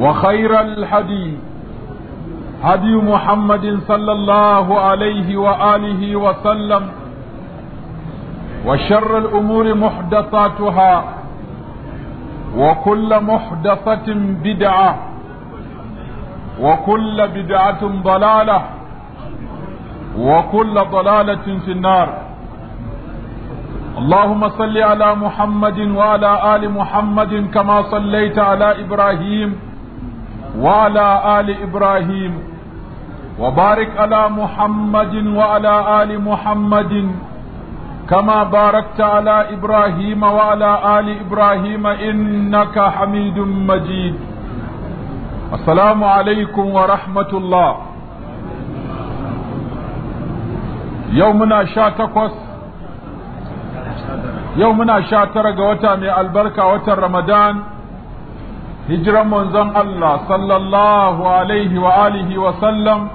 وخير الحدي هدي محمد صلى الله عليه وآله وسلم وشر الأمور محدثاتها وكل محدثة بدعة وكل بدعة ضلالة وكل ضلالة في النار اللهم صل على محمد وعلى آل محمد كما صليت على إبراهيم وعلى آل إبراهيم وبارك على محمد وعلى آل محمد كما باركت على إبراهيم وعلى آل إبراهيم إنك حميد مجيد السلام عليكم ورحمة الله يومنا شاتقوس يومنا شاترق وتامي البركة وتر رمضان hijiran manzon Allah sallallahu alaihi wa alihi wa sallam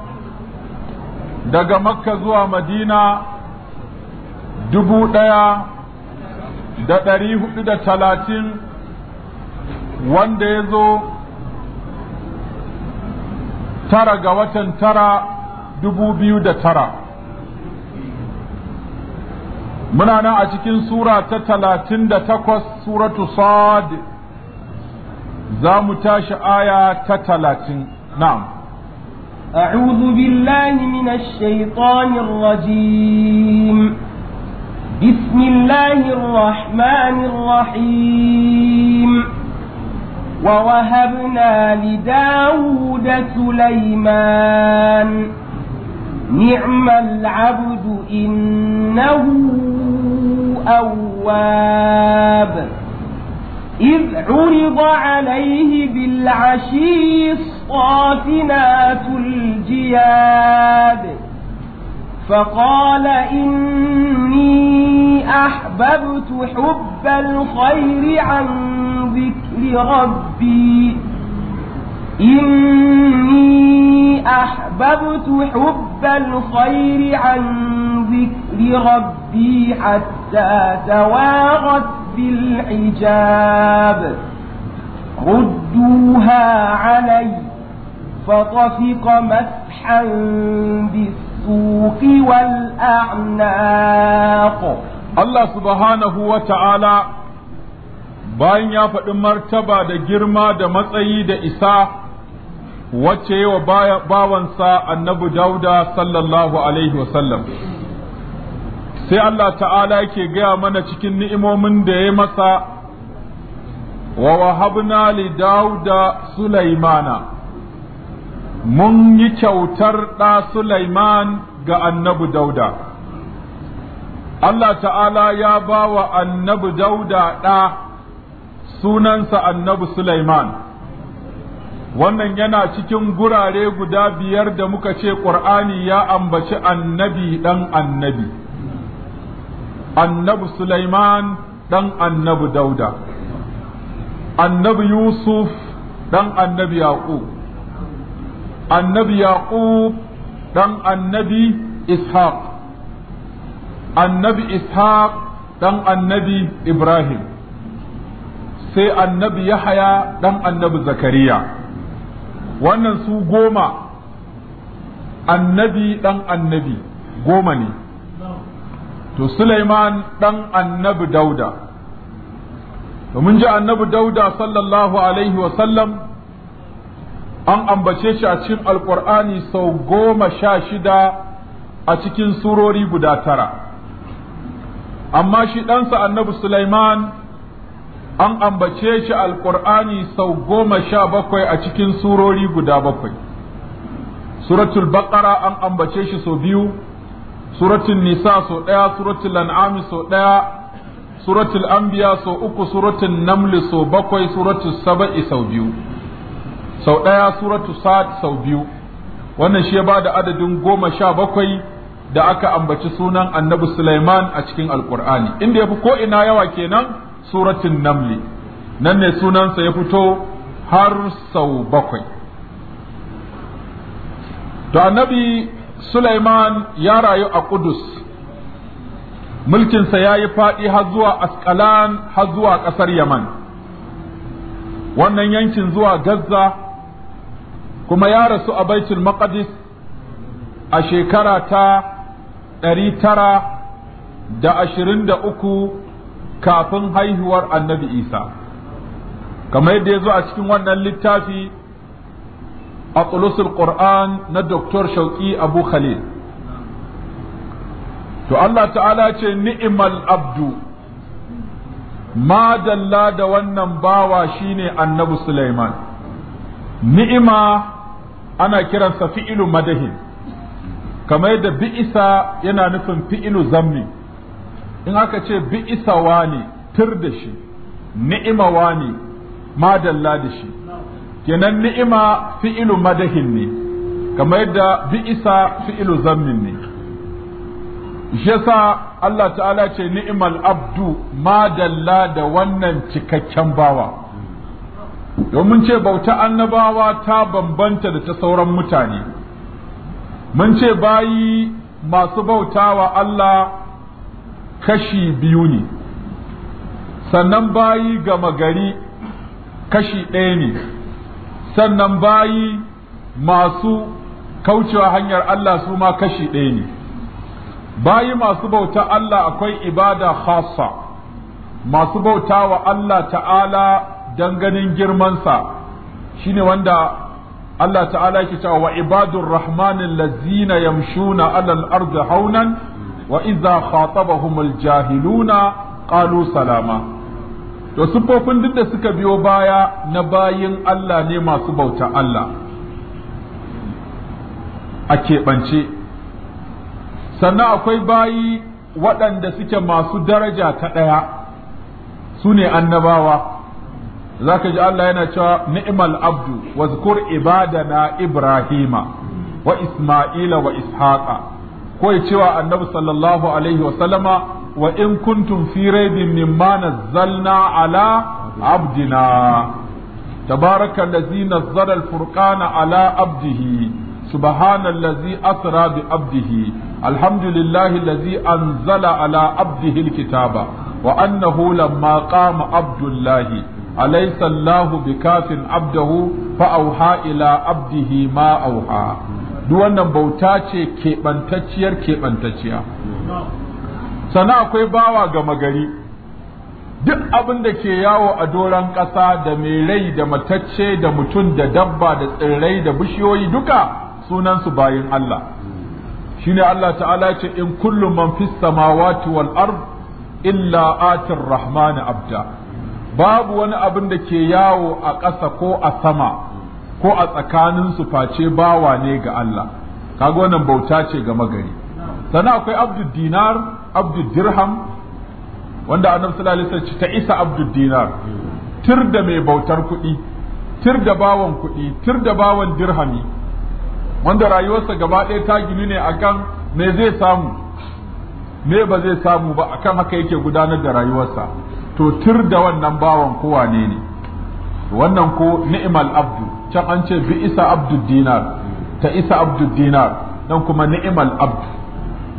daga makka zuwa madina dubu ɗaya da ɗari hudu da talatin wanda ya zo tara ga watan tara dubu biyu da tara muna nan a cikin sura ta talatin da takwas suratu sad za mu آية aya نعم أعوذ بالله من الشيطان الرجيم بسم الله الرحمن الرحيم ووهبنا لداود سليمان نعم العبد إنه أواب إذ عرض عليه بالعشي الصافنات الجياد فقال إني أحببت حب الخير عن ذكر ربي إني أحببت حب الخير عن ذكر ربي حتى توارت بالحجاب ردوها علي فطفق مسحا بالسوق والأعناق الله سبحانه وتعالى bayan ya faɗi martaba da girma da matsayi da isa wacce yi bawansa annabi dauda sallallahu alaihi wasallam sai Allah ta'ala yake gaya mana cikin ni'imomin da ya masa wa wahabna li dauda sulaimana mun yi kyautar ɗa sulaiman ga annabi dauda Allah ta'ala ya bawa wa annabi dauda ɗa sunansa annabi sulaiman wannan yana cikin gurare guda biyar da muka ce ƙur'ani ya ambaci annabi ɗan annabi annabi Sulaiman ɗan annabi Dauda annabi Yusuf ɗan annabi Yaƙub annabi Yaƙub ɗan annabi Ishaq annabi Ishaq ɗan annabi Ibrahim sai annabi Yahaya ɗan annabi Zakariya wannan su goma annabi ɗan annabi goma ne to Sulaiman ɗan annabi dauda to mun ji annabi dauda sallallahu alaihi wasallam an ambace shi a cikin alkur'ani sau goma sha shida a cikin surori guda tara amma shi ɗansa annabi Sulaiman an ambace shi alkur'ani sau goma sha bakwai a cikin surori guda bakwai suratul baqara an ambace shi sau biyu suratul nisa sau ɗaya suratul an'ami sau ɗaya suratul anbiya sau uku suratul namli sau bakwai suratul saba'i sau biyu sau ɗaya suratul sa'ad sau biyu wannan shi ya ba da adadin goma sha bakwai da aka ambaci sunan annabi Sulaiman a cikin alkur'ani inda ya fi ina yawa kenan suratin namli nan ne sunansa ya fito har sau bakwai to annabi Suleiman ya rayu a Kudus mulkinsa ya yi faɗi har zuwa Askalan har zuwa ƙasar Yaman wannan yankin zuwa Gaza kuma ya rasu a Baitul Maqdis a shekara ta ɗari tara da ashirin da uku kafin haihuwar annabi isa kamar yadda ya zo a cikin wannan littafi a tsulusul ƙur'an na doktor shauki abu khalil to allah ta'ala ce ni'imal abdu ma dalla da wannan bawa shine annabi suleiman ni'ima ana kiransa fi'ilu madahin kamar yadda bi'isa yana nufin fi'ilu zammi in aka ce bi wa ne tur da shi ni'imawa ne madalla da shi kenan ni'ima fi'ilu madahin ne kamar yadda bi'isa fi'ilu zammin ne yasa Allah ta'ala ce ni'imal abdu madalla da wannan cikakken bawa domin ce bauta annabawa ta bambanta da ta sauran mutane mun ce bayi masu bautawa Allah kashi biyu ne sannan bayi gama gari kashi ɗaya ne sannan bayi masu kaucewa hanyar Allah su ma kashi ɗaya ne bayi masu bauta Allah akwai ibada khassa masu bauta wa Allah ta'ala ganin girmansa shine wanda Allah ta'ala yake cewa wa ibadur rahmanin lazina yamshuna alal hau haunan wa idza khatabahumul jahiluna qalu salama to siffofin duk da suka biyo baya na bayin Allah ne masu bauta Allah a keɓance sannan akwai bayi waɗanda suke masu daraja ta ɗaya su ne annabawa za ka ji Allah yana cewa ni'mal abdu wa zukur ibadana ibrahima wa isma'ila wa ishaqa ko ya cewa annabi sallallahu alaihi wasallama wa in kuntum fi raibin mimma nazzalna ala abdina tabaraka allazi nazzala alfurqana ala abdihi subhana allazi asra bi abdihi alhamdulillahi allazi anzala ala abdihi alkitaba wa annahu lamma qama abdullahi alaysa allahu bikafin abdahu fa awha ila abdihi ma auha. duk wannan bauta ce keɓantacciyar keɓantacciya sana akwai bawa gama gari duk abin da ke yawo a doron ƙasa da mai rai da matacce da mutum da dabba da tsirrai da bishiyoyi duka sunansu bayin Allah shine Allah ta'ala ce in kullu man fis samawati wal ard illa atir rahmani abda babu wani abin da ke yawo a ƙasa ko a sama ko a tsakanin su face bawa ne ga Allah kaga wannan bauta ce ga magari sannan akwai abdul dinar abdul dirham wanda annabi sallallahu alaihi wasallam ta isa abdul dinar tir da mai bautar kuɗi tir da bawan kuɗi tir da bawan dirhami wanda rayuwarsa gaba ɗaya ta gini ne akan me zai samu me ba zai samu ba akan haka yake gudanar da rayuwarsa to tir da wannan bawan kowa ne wannan ko ni'mal abdu can an ce bi isa abdud dinar ta isa abdud dinar dan kuma ni'imal abd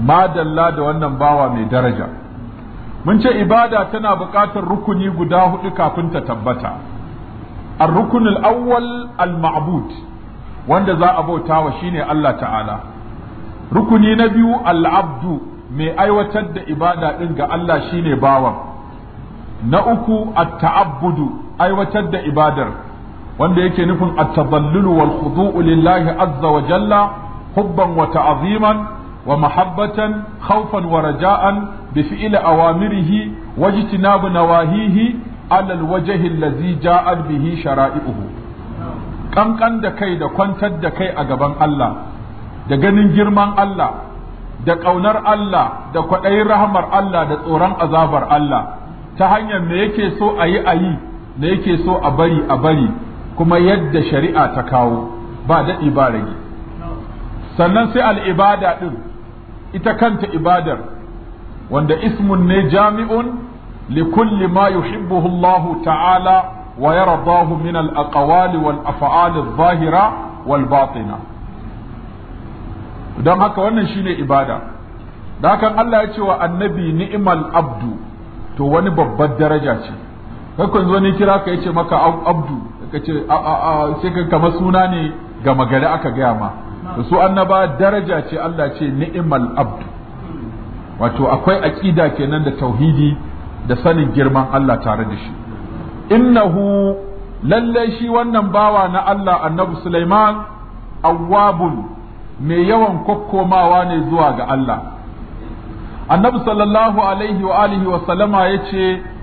ma dalla da wannan bawa mai daraja mun ce ibada tana buƙatar rukuni guda hudu kafin ta tabbata ar rukunin al-awwal al-ma'bud wanda za a bauta wa shine Allah ta'ala rukuni na biyu al'abdu mai aiwatar da ibada din ga Allah shine bawan na uku a taabbudu aiwatar da ibadar wanda yake nufin at-tadallulu wal khudu'u lillahi azza wa jalla hubban wa ta'ziman wa mahabbatan khawfan wa raja'an bi fi'li awamirihi wa ijtinabu nawahihi ala al-wajhi allazi ja'at bihi shara'i'uhu kankan da kai da kwantar da kai a gaban Allah da ganin girman Allah da ƙaunar Allah da kwaɗayin rahmar Allah da tsoron azabar Allah ta hanyar me yake so a yi a yi da yake so a bari a bari kuma yadda shari'a ta kawo ba daɗi ba sannan sai al'ibada ɗin ita kanta ibadar wanda ismun ne jami'un likulli ma yuhibbuhullahu ta'ala wa rabahu min al wal af'ali adh wal batina don haka wannan shine ibada da hakan Allah ya ce wa annabi ni'mal abdu to wani babbar daraja ce kai kun zo ne kira ka yace maka abdu ka ce sai ka kama suna ne ga magari aka gaya ma su annaba daraja ce Allah ce ni'mal abdu wato akwai aqida kenan da tauhidi da sanin girman Allah tare da shi innahu lalle shi wannan bawa na Allah annabi Sulaiman awwabun mai yawan kokkomawa ne zuwa ga Allah annabi sallallahu alaihi wa alihi wa sallama yace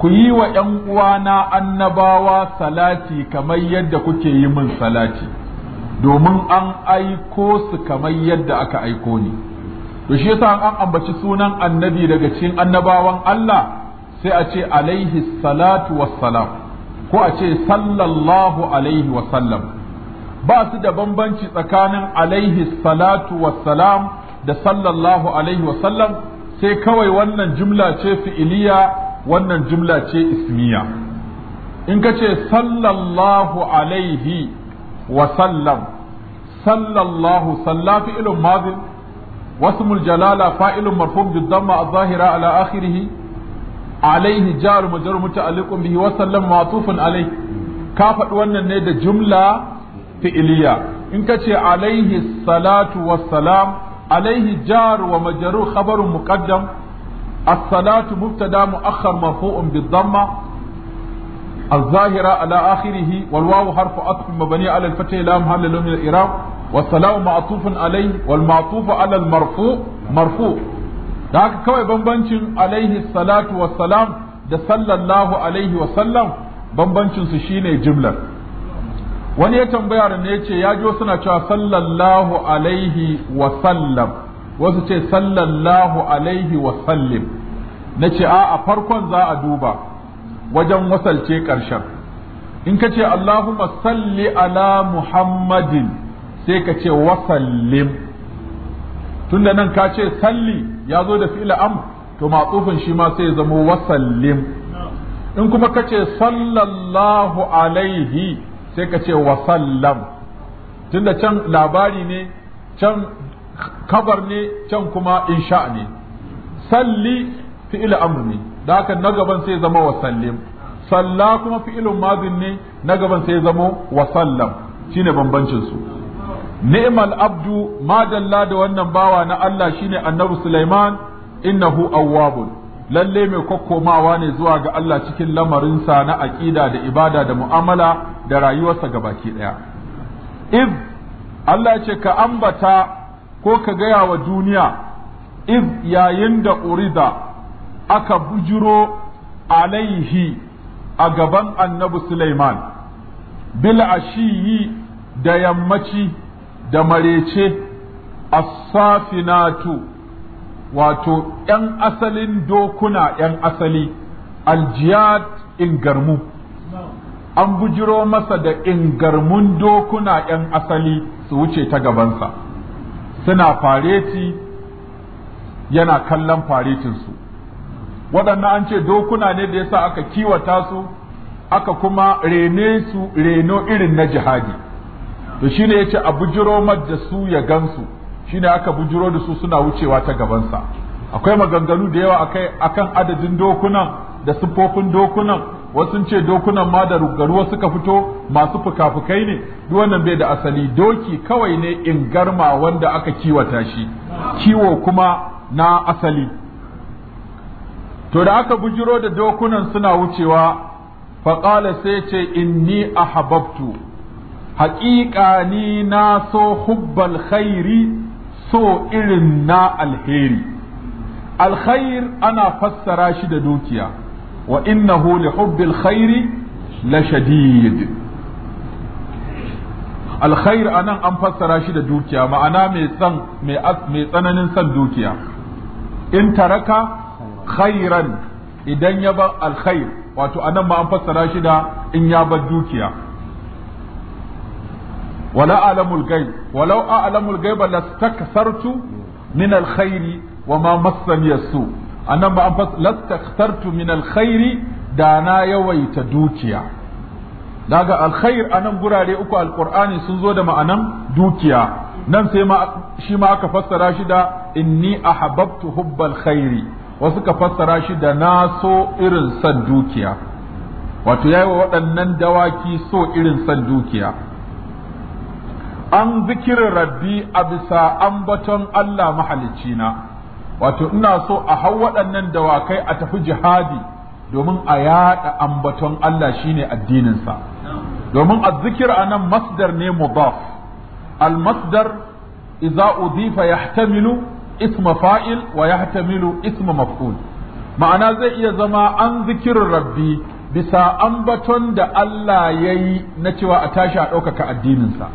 ku yi wa ‘yan uwana annabawa salati kamar yadda kuke yi min salati, domin an aiko su kamar yadda aka aiko ni. To shi yasa an ambaci sunan annabi daga cikin annabawan Allah sai a ce alaihi salatu wassalam ko a ce sallallahu alaihi wasallam ba su da bambanci tsakanin alaihi salatu wassalam da sallallahu alaihi wasallam sai kawai wannan jumla ce fi'iliya wannan jumla ce ismiya in ka ce sallallahu alaihi wa sallam sallallahu sallafi ilin mazin wasu muljalala fa’ilun marfum jiddan ma a zahira ala akhirihi alaihi jaru majar mutu alikun bihi wasallam matufin alai ka faɗi wannan ne da jumla fi'iliya in ka ce alaihi salatu wassalam alaihi jaru wa majaru khabarun muqaddam الصلاة مبتدا مؤخر مرفوع بالضمة الظاهرة على آخره والواو حرف عطف مبني على الفتح لا محل له من والصلاة معطوف عليه والمعطوف على المرفوع مرفوع da haka kawai bambancin alaihi salatu wassalam da sallallahu alaihi wasallam bambancin su shine jimlar wani ya tambaya da ne ya ce ya suna cewa sallallahu alaihi sallam. wasu ce sallallahu alaihi wa sallim na ce a a farkon za a duba wajen wasalce ƙarshen in ka ce Allahumma salli ala Muhammadin sai ka ce wasallim tunda nan ka ce salli ya zo da fi'il am to matsufin shi ma sai ya zamo wasallim in kuma ka ce sallallahu alaihi sai ka ce wasallam tunda can labari ne can kabar ne can kuma insha ne salli fi'il amr ne da haka na gaban sai zama wa sallim salla kuma fi'ilun madin ne na gaban sai zama wa sallam shine bambancin su ni'mal abdu ma dalla da wannan bawa na Allah shine annabi Sulaiman innahu awwabun lalle mai kokkomawa ne zuwa ga Allah cikin lamarinsa na aƙida da ibada da mu'amala da rayuwarsa gabaki ɗaya. Iz Allah ce ka ambata ko ka gaya wa duniya iz yayin da urida aka bujiro alaihi a gaban annabi Suleiman, bil ashiyi da yammaci da marece Asafinatu, wato ‘yan asalin dokuna ‘yan asali aljiyat ingarmu an bujiro masa da ingarmun dokuna ‘yan asali su wuce ta gabansa. suna fareti yana kallon faretinsu waɗannan an ce dokuna ne da yasa aka kiwata su aka kuma rene su reno irin na jihadi to shine yace a bujiro da su ya gansu shine aka bujiro da su suna wucewa ta gabansa akwai maganganu da yawa akan adadin dokunan da siffofin dokunan wasu ce dokunan ma da ruwa suka fito masu fukafukai ne duk wannan bai da asali doki kawai ne in garma wanda aka kiwata shi kiwo kuma na asali to da aka bujiro da dokunan suna wucewa faƙala sai ce inni ahabbtu haƙiƙa ni na so hubbal khairi so irin na alheri alkhair ana fassara shi da dukiya wa innahu li hubbil khairi la shadid alkhair anan an fassara shi da dukiya ma'ana mai tsananin san dukiya in taraka khairan idan ya bar alkhair wato anan ma an fassara shi da in ya bar dukiya wala alamul gaib walau a'lamul min alkhairi wa ma massani su annan ba an fas min alkhairi da na yawaita dukiya daga alkhair anan gurare uku alqur'ani sun zo da ma'anan dukiya nan sai ma shi ma aka fassara shi da inni ahbabtu hubbal khairi wasu ka fassara shi da na so irin san dukiya wato yayi wa waɗannan dawaki so irin san dukiya an zikirin rabbi a bisa ambaton Allah na. wato ina so a hau waɗannan dawakai a tafi jihadi domin a yaɗa ambaton Allah shine addininsa domin zikir a nan masdar ne mudaf al-masdar idza udifa yahtamilu isma fa'il wa yahtamilu isma maf'ul ma'ana zai iya zama an zikirin rabbi bisa ambaton da Allah ya yi na cewa a tashi a ɗaukaka addininsa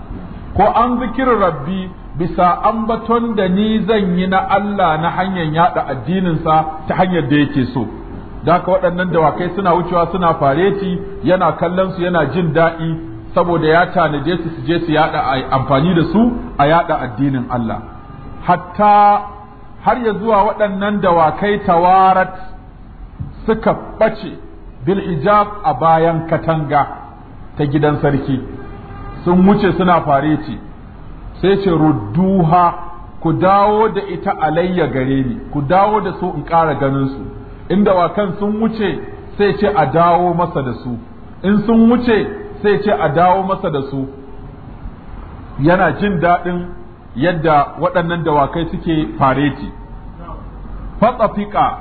ko an zikirin rabbi bisa ambaton da ni zan yi na Allah na hanyar yada addininsa ta hanyar da yake so daka waɗannan dawakai suna wucewa suna fareti yana kallon su yana jin daɗi saboda ya tanaje su su je su yada amfani da su a yada addinin Allah hatta har ya zuwa waɗannan dawakai tawarat suka ɓace bil hijab a bayan katanga ta gidan sarki sun wuce suna fareti sai ce rudduha ku dawo da ita alayya gare ni ku dawo da su in ƙara ganin su inda wakan sun wuce sai ce a dawo masa da su in sun wuce sai ce a dawo masa da su yana jin daɗin yadda waɗannan dawakai suke fareti fatsafika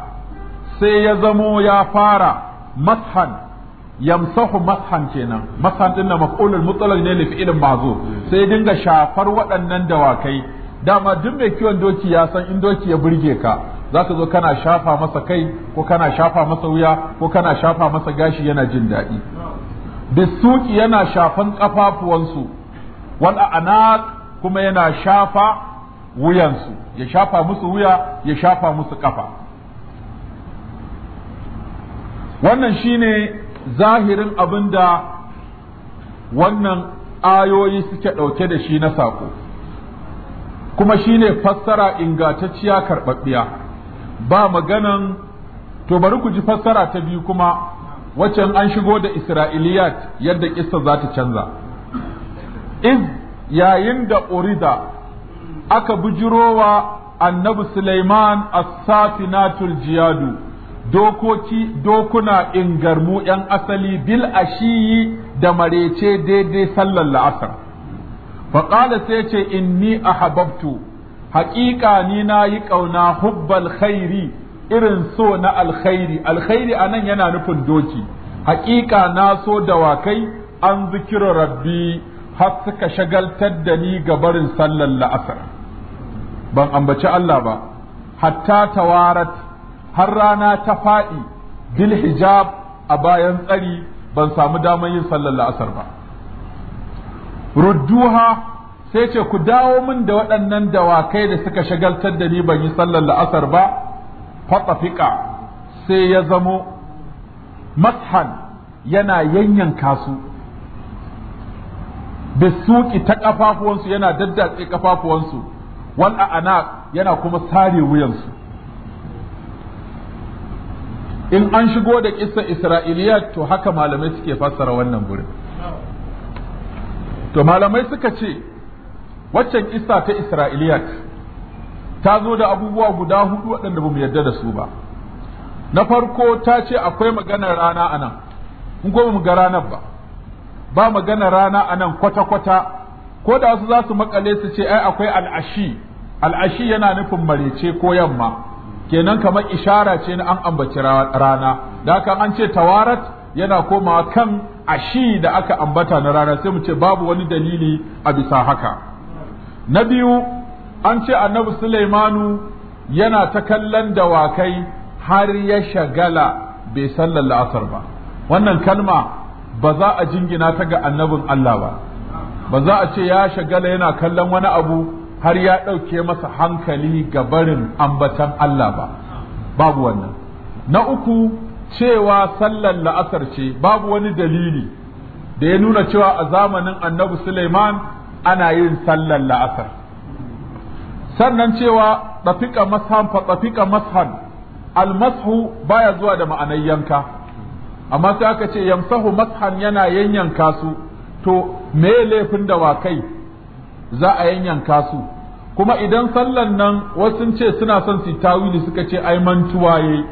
sai ya zamo ya fara mathan yamsahu mashan kenan mashan din na maqulul mutlaq ne li fi'ilin ma'zur sai dinga shafar waɗannan dawakai dama duk mai kiwon doki ya san in doki ya burge ka zaka zo kana shafa masa kai ko kana shafa masa wuya ko kana shafa masa gashi yana jin daɗi suki yana shafan kafafuwansu wal anaq kuma yana shafa wuyansu ya shafa musu wuya ya shafa musu kafa wannan shine zahirin abin da wannan ayoyi suke ɗauke da shi na saƙo kuma shi ne fassara ingantacciya karɓaɓɓiya ba maganan to bari ku ji fassara ta biyu kuma waccan an shigo da isra'iliyat yadda ƙista za ta canza iz yayin da orida aka bijirowa annabi Sulaiman as-safinatul jiyadu dokoki dokuna in garmu ‘yan asali bil ashiyi da marece daidai sallar la'asar. Faƙala sai ce ni a hababtu, haƙiƙa ni na yi ƙauna hubbal khairi irin so na alkhairi, alkhairi a nan yana nufin doki, haƙiƙa na so dawakai an zikiro rabbi har suka shagaltar da ni ga barin sallar la'asar. Ban ambaci Allah ba, hatta tawarat har rana ta faɗi bil hijab a bayan tsari ban samu damar yin sallar la'asar ba rudduha sai ce ku dawo min da waɗannan dawakai da suka shagaltar da ni ban yi sallar la'asar ba fatafika sai ya zamo mashan yana yanyan kasu. da suki ta ƙafafuwansu yana daddatse ƙafafuwansu wal yana kuma sare wuyansu in an shigo da kissa isra'iliyat to haka malamai suke fassara wannan gurin to malamai suka ce waccan kissa ta isra'iliyat ta zo da abubuwa guda hudu waɗanda ba mu yarda da su ba na farko ta ce akwai maganar rana a nan in ko mu ga ranar ba ba maganar rana a nan kwata-kwata ko da wasu za su makale su ce ai akwai al'ashi al'ashi yana nufin marece ko yamma kenan kamar ishara ce na an ambaci rana da haka an ce tawarat yana komawa kan ashi da aka ambata na rana sai mu ce babu wani dalili a bisa haka na biyu an ce annabi Suleimanu yana ta kallon dawakai har ya shagala bai sallar la'asar ba wannan kalma ba za a jingina ta ga annabin Allah ba ba za a ce ya shagala yana kallon wani abu har ya ɗauke masa hankali ga barin ambatan Allah ba babu wannan na uku cewa sallar la'asar ce babu wani dalili da ya nuna cewa a zamanin annabi Suleiman ana yin sallar la'asar sannan cewa ɗafika mashan fa ɗafika mashan almashu baya zuwa da ma'anar yanka amma sai aka ce yamsahu mashan yana yanyanka su to me laifin dawakai za a yanyanka su kuma idan sallan nan wasu ce suna son su tawili suka ce ai mantuwa yayi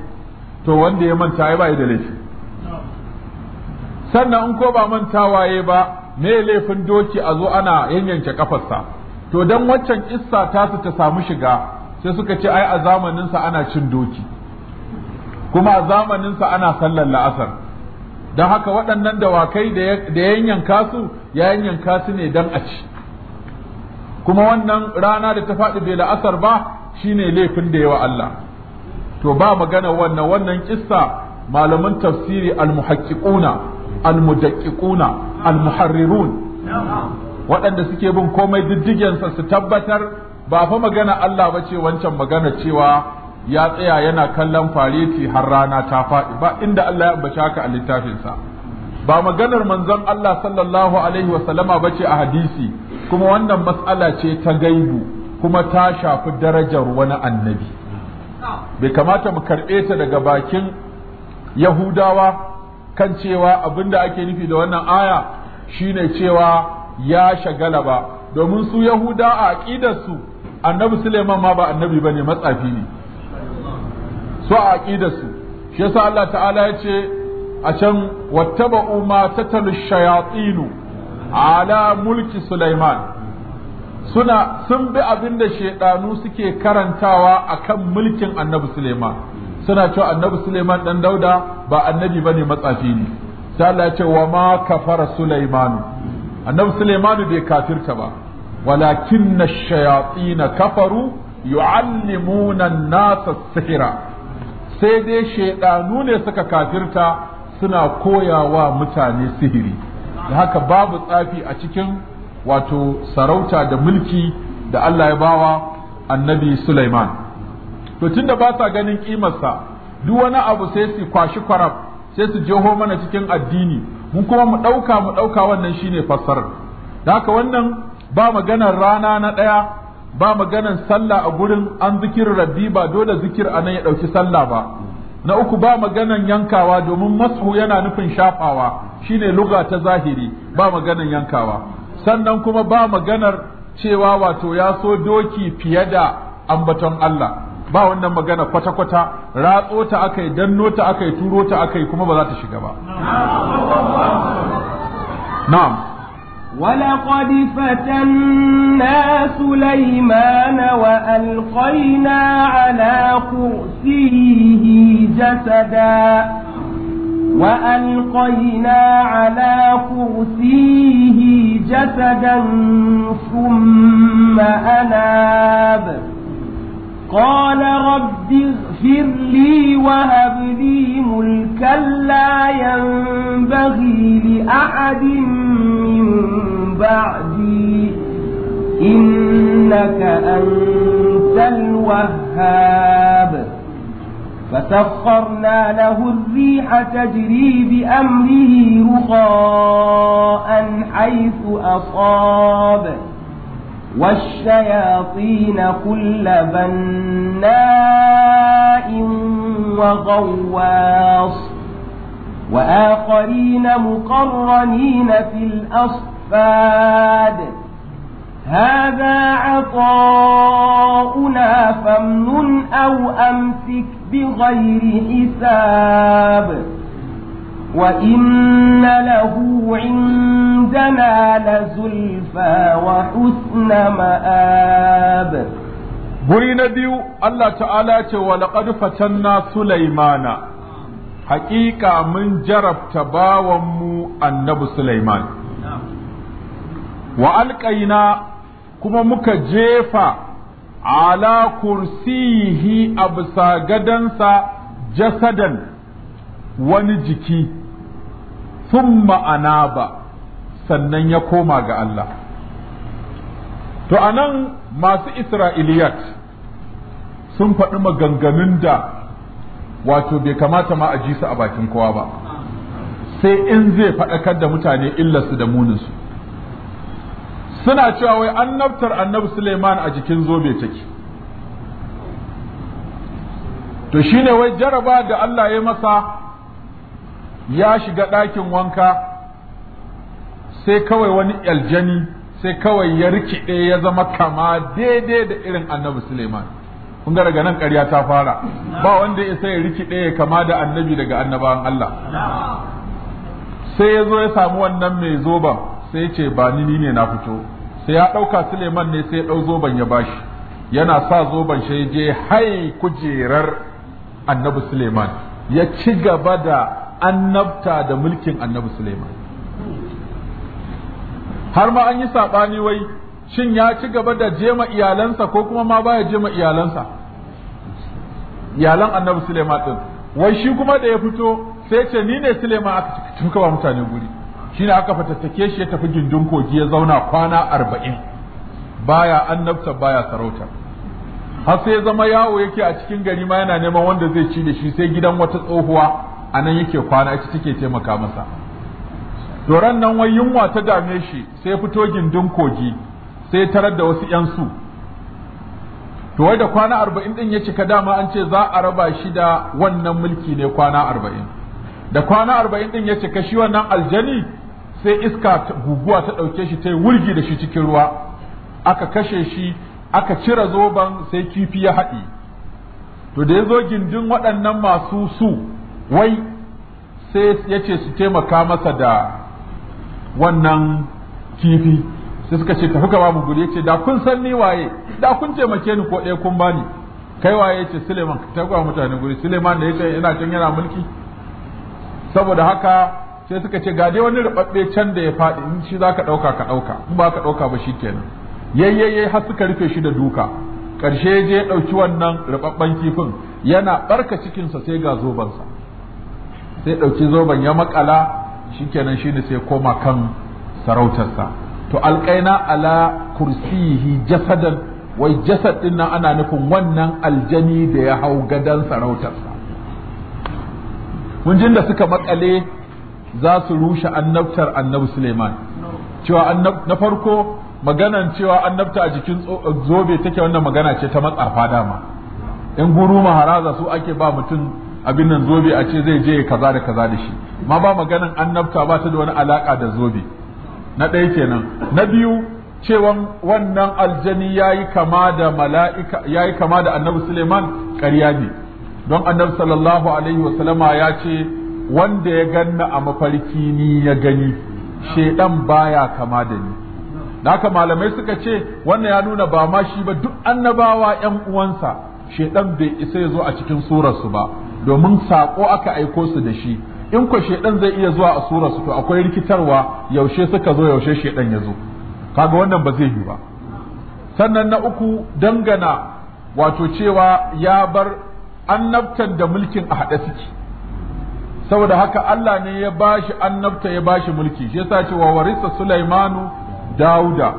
to wanda ya manta ya bai da laifi sannan in ko ba mantawa yayi ba me laifin doki a zo ana yanyanke kafarsa to dan waccan issa ta su ta samu shiga sai suka ce ai a zamanin sa ana cin doki kuma a zamanin sa ana sallar la'asar dan haka waɗannan dawakai da ya yanyanka su ya yanyanka su ne dan a ci kuma wannan rana da ta faɗi bai la'asar ba shine laifin da yawa Allah to ba magana wannan wannan kissa malaman tafsiri almuhaqqiquna almudaqqiquna almuharrirun waɗanda suke bin komai diddigensa su tabbatar ba fa magana Allah ba ce wancan magana cewa ya tsaya yana kallon fareti har rana ta faɗi ba inda Allah ya ambaci haka a littafinsa ba maganar manzon Allah sallallahu alaihi wasallama ba ce a hadisi kuma wannan matsala ce ta gaibu kuma ta shafi darajar wani annabi bai kamata mu karɓe ta daga bakin yahudawa kan cewa abin da ake nufi da wannan aya shine cewa ya shagala ba domin su yahuda a aƙidarsu annabi suleiman ma ba annabi ba ne matsafi ne su a aƙidarsu shi yasa Allah ta'ala ya ce a can wattaba'u ma tatalu shayatinu ala mulki Sulaiman suna sun bi abin da shaidanu suke karantawa akan mulkin annabi Sulaiman suna cewa annabi Sulaiman dan dauda ba annabi bane matsafi ne sai Allah ya ce wa ma kafara Sulaiman annabi Sulaiman bai kafirta ba walakin ash-shayatin kafaru yu'allimuna an-nasa as-sihra sai dai shaidanu ne suka kafirta suna koyawa mutane sihiri da haka babu tsafi a cikin wato sarauta da mulki da Allah ya bawa annabi Sulaiman to tunda ba sa ganin kimarsa duk wani abu sai su kwashi kwarab sai su jeho mana cikin addini mun kuma mu ɗauka mu ɗauka wannan shine fassarar da haka wannan ba maganar rana na ɗaya ba maganar sallah a gurin an zikir rabbi ba dole zikir a nan ya ɗauki sallah ba na uku ba maganan yankawa domin masu yana nufin shafawa shine luga ta zahiri ba maganan yankawa sannan kuma ba maganar cewa wato ya so doki fiye da ambaton Allah ba wannan magana kwata-kwata ratso ta aka yi danno ta aka yi turo ta aka yi kuma ba za ta shiga ba na'am ولقد فتنا سليمان وألقينا على كرسيه جسدا وألقينا على كرسيه جسدا ثم أناب قال رب اغفر لي وهب لي ملكا لا ينبغي لأحد بعدي إنك أنت الوهاب فسخرنا له الريح تجري بأمره رخاء حيث أصاب والشياطين كل بناء وغواص وآخرين مقرنين في الأصل باد هذا عطاؤنا فامنن أو أمسك بغير حساب وإن له عندنا لزلفى وحسن na biyu Allah ta'ala ce wa laqad fatanna Sulaimana haƙiƙa mun jarabta bawanmu annabi Sulaiman wa kuma muka jefa ala kursiyihi a bisa gadansa jasadan wani jiki sun ma'ana ba sannan ya koma ga Allah to anan masu isra'iliyat sun faɗi maganganun da wato bai kamata ma a ji su a bakin kowa ba sai in zai faɗakar da mutane illarsu da muninsu suna cewa wai annabtar annabi Suleiman a jikin zobe take to shine wai jaraba da Allah ya masa ya shiga ɗakin wanka sai kawai wani aljani sai kawai ya rikide ya zama kama daidai da irin annabi Suleiman kun ga daga nan ƙarya ta fara ba wanda ya sai ya rikide ya kama da annabi daga annabawan Allah sai ya zo ya samu wannan mai zoban sai ce ba ni ne na fito sai ya ɗauka Suleiman ne sai ya ɗau zoban ya bashi yana sa zoban shi je hai kujerar annabi Suleiman ya ci gaba da annabta da mulkin annabi Suleiman har ma an yi saɓani wai shin ya ci gaba da jema iyalansa ko kuma ma baya jema iyalansa iyalan annabi Suleiman din wai shi kuma da ya fito sai ce ni ne Suleiman aka tuka mutane guri shine aka fatattake shi ya tafi gindin kogi ya zauna kwana arba'in baya annabta baya sarauta har sai zama yawo yake a cikin gari ma yana neman wanda zai ci da shi sai gidan wata tsohuwa a nan yake kwana ita take taimaka masa doron nan wai yunwa ta dame shi sai fito gindin kogi sai tarar da wasu 'yan su to wai da kwana arba'in din ya cika dama an ce za a raba shi da wannan mulki ne kwana arba'in da kwana arba'in din ya cika shi wannan aljani sai iska guguwa ta ɗauke shi ta yi wurgi da shi cikin ruwa aka kashe shi aka cire zoban sai kifi ya haɗi to da ya zo gindin waɗannan masu su wai sai ya ce su taimaka masa da wannan kifi sai suka ce tafi gaba mu ya ce da kun san ni waye da kun taimake ni ko ɗaya kun bani kai waye ya ce suleiman ka tagwa mutane guri suleiman da ya ce ina can yana mulki saboda haka sai suka ce ga dai wani rubabbe can da ya faɗi in shi zaka ɗauka ka ɗauka in ba ka ɗauka ba shikenan yayyaye har suka rufe shi da duka ya je ya ɗauki wannan rubabban kifin yana barka cikinsa sai ga zobansa sai dauki zoban ya makala shikenan shine sai koma kan sarautarsa to alƙaina ala kursiyihi jasadan wai jasad din nan ana nufin wannan aljani da ya hau gadon sarautarsa mun da suka makale za su rushe annabtar annabi Suleiman cewa na farko maganan cewa annabta a jikin zobe take wannan magana ce ta matsarfa dama in guru maharaza su ake ba mutum abin nan zobe a ce zai je kaza da kaza da shi ma ba maganan annabta ba ta da wani alaka da zobe na ɗaya kenan na biyu cewa wannan aljani yayi kama da mala'ika yayi kama da annabi Suleiman ƙarya ne don annabi sallallahu alaihi wasallama ya ce wanda ya ganna a mafarki ni ya gani shedan baya kama da ni haka malamai suka ce wannan ya nuna ba ma shi ba duk annabawa yan uwansa shedan bai isa ya zo a cikin surarsu ba domin saƙo aka aiko su da shi in ko shedan zai iya zuwa a surarsu to akwai rikitarwa yaushe suka zo yaushe shedan ya zo kaga wannan ba zai yi ba sannan na uku dangana wato cewa ya bar annabtan da mulkin a haɗe suke saboda haka Allah ne ya bashi annabta ya bashi mulki shi yasa cewa warisa Sulaimanu Dauda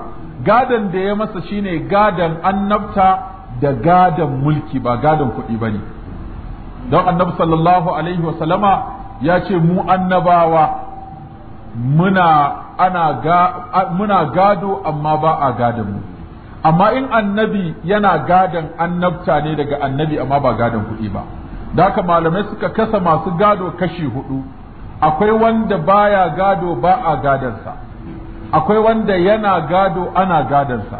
gadan da ya masa shine gadan annabta da gadan mulki ba gadan kuɗi bane don annabi sallallahu alaihi wasallama ya ce mu annabawa muna ana ga muna gado amma ba a gadan mu amma in annabi yana gadan annabta ne daga annabi amma ba gadan kuɗi ba da haka malamai suka kasa masu gado kashi hudu akwai wanda baya gado ba a gadansa akwai wanda yana gado ana gadansa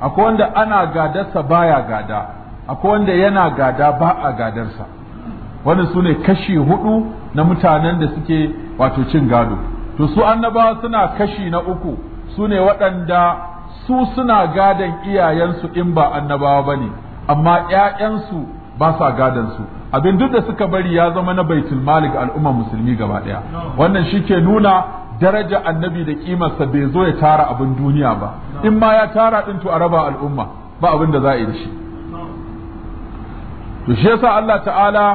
akwai wanda ana gadarsa baya gada akwai wanda yana gada ba a gadarsa wannan su ne kashi hudu na mutanen da suke wato cin gado to su annabawa suna kashi na uku Sune waɗanda su suna gadon iyayensu in ba annabawa ba ne amma ‘ya'yansu ba sa gadon su abin duk da suka bari ya zama na baitul malik al'ummar musulmi gaba daya wannan shike nuna daraja annabi da kimarsa bai zo ya tara abin duniya ba in ma ya tara din to a raba al'umma ba abin da za a yi shi to shi yasa Allah ta'ala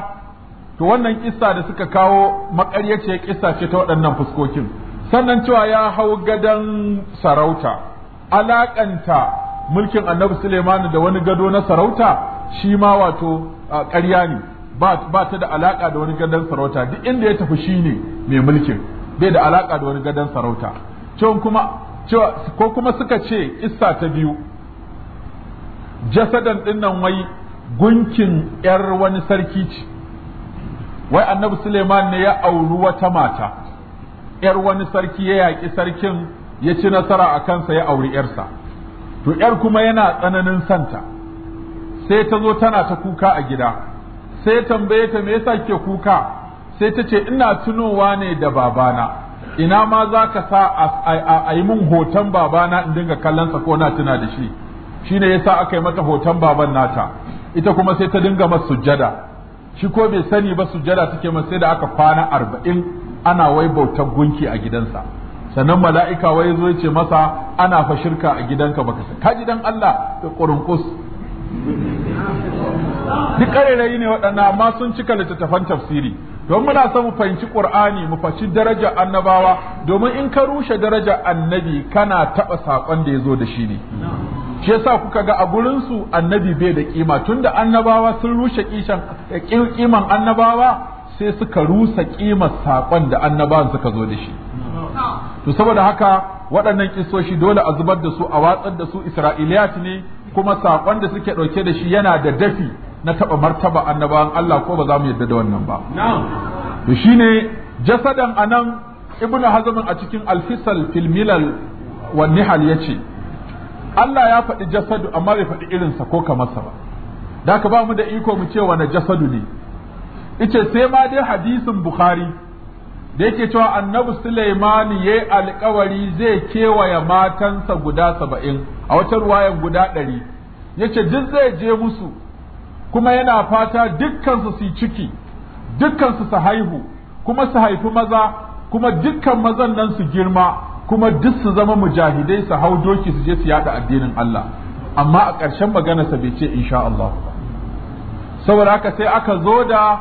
to wannan kissa da suka kawo makaryace kissa ce ta waɗannan fuskokin sannan cewa ya hau gadon sarauta alakanta mulkin annabi Suleimani da wani gado na sarauta shi ma wato ƙarya ne ba ta da alaka da wani gadon sarauta duk inda ya tafi shi ne mai mulkin bai da alaka da wani gadon sarauta ko kuma suka ce issa ta biyu jasadan dinnan wai gunkin yar wani sarki ce wai annabi suleiman ne ya auri wata mata yar wani sarki ya yaƙi sarkin ya ci nasara a kansa ya auri yarsa to yar kuma yana tsananin santa sai ta zo tana ta kuka a gida sai tambaye ta me yasa kike kuka sai ta ce ina tunowa ne da babana ina ma za ka sa a yi mun hoton babana in dinga kallonsa ko na tuna da shi shine yasa aka yi mata hoton baban nata ita kuma sai ta dinga masa sujjada shi ko bai sani ba sujjada take masa sai da aka kwana arba'in ana wai bautar gunki a gidansa sannan mala'ika wai zo ce masa ana fa shirka a gidanka baka ji dan Allah da ƙurunkus duk ƙarairayi ne waɗannan amma sun cika littattafan tafsiri don muna son mu fahimci qur'ani mu faci darajar annabawa domin in ka rushe darajar annabi kana taɓa saƙon da ya zo da shi ne shi yasa kuka ga a gurin su annabi bai da ƙima tunda annabawa sun rushe kishan eh, annabawa sai suka rusa kimar saƙon da annabawan suka zo da shi to saboda haka waɗannan kisoshi dole a zubar da su a watsar da su isra'iliyat ne kuma saƙon da suke ɗauke da shi yana da dafi na taɓa martaba annabawan Allah ko ba za mu yarda da wannan ba to shine jasadan anan ibn hazm a cikin alfisal fisal fil milal wa nihal yace Allah ya faɗi jasadu amma bai faɗi sa ko kamarsa ba da ka ba mu da iko mu ce wani jasadu ne ice sai ma dai hadisin bukhari da yake cewa annabi Suleimani yayi alkawari zai kewaye matansa guda saba'in a wata ruwaya guda ɗari yace duk zai je musu kuma yana fata dukkan su su ciki dukkan su su haihu kuma su haifi maza kuma dukkan mazan nan su girma kuma duk su zama mujahidai su hau doki su je su yada addinin Allah amma a ƙarshen sa bai ce insha Allah saboda haka sai aka zo da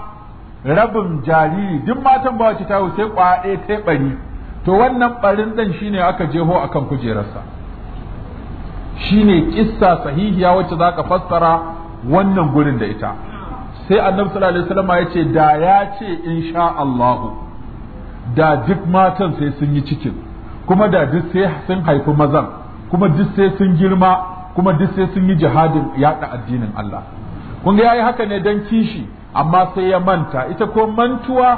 rabin jariri duk matan ba wacce ta wuce sai kwa ɗaya ta bari to wannan barin ɗan shine aka jeho akan kujerarsa shine kissa sahihiya wacce zaka fassara wannan gurin da ita sai annabi sallallahu alaihi wasallam ya ce da ya ce insha Allah da duk matan sai sun yi cikin kuma da duk sai sun haifi mazan kuma duk sai sun girma kuma duk sai sun yi jihadin yaɗa addinin Allah kun ga yayi haka ne dan kishi amma sai ya manta ita ko mantuwa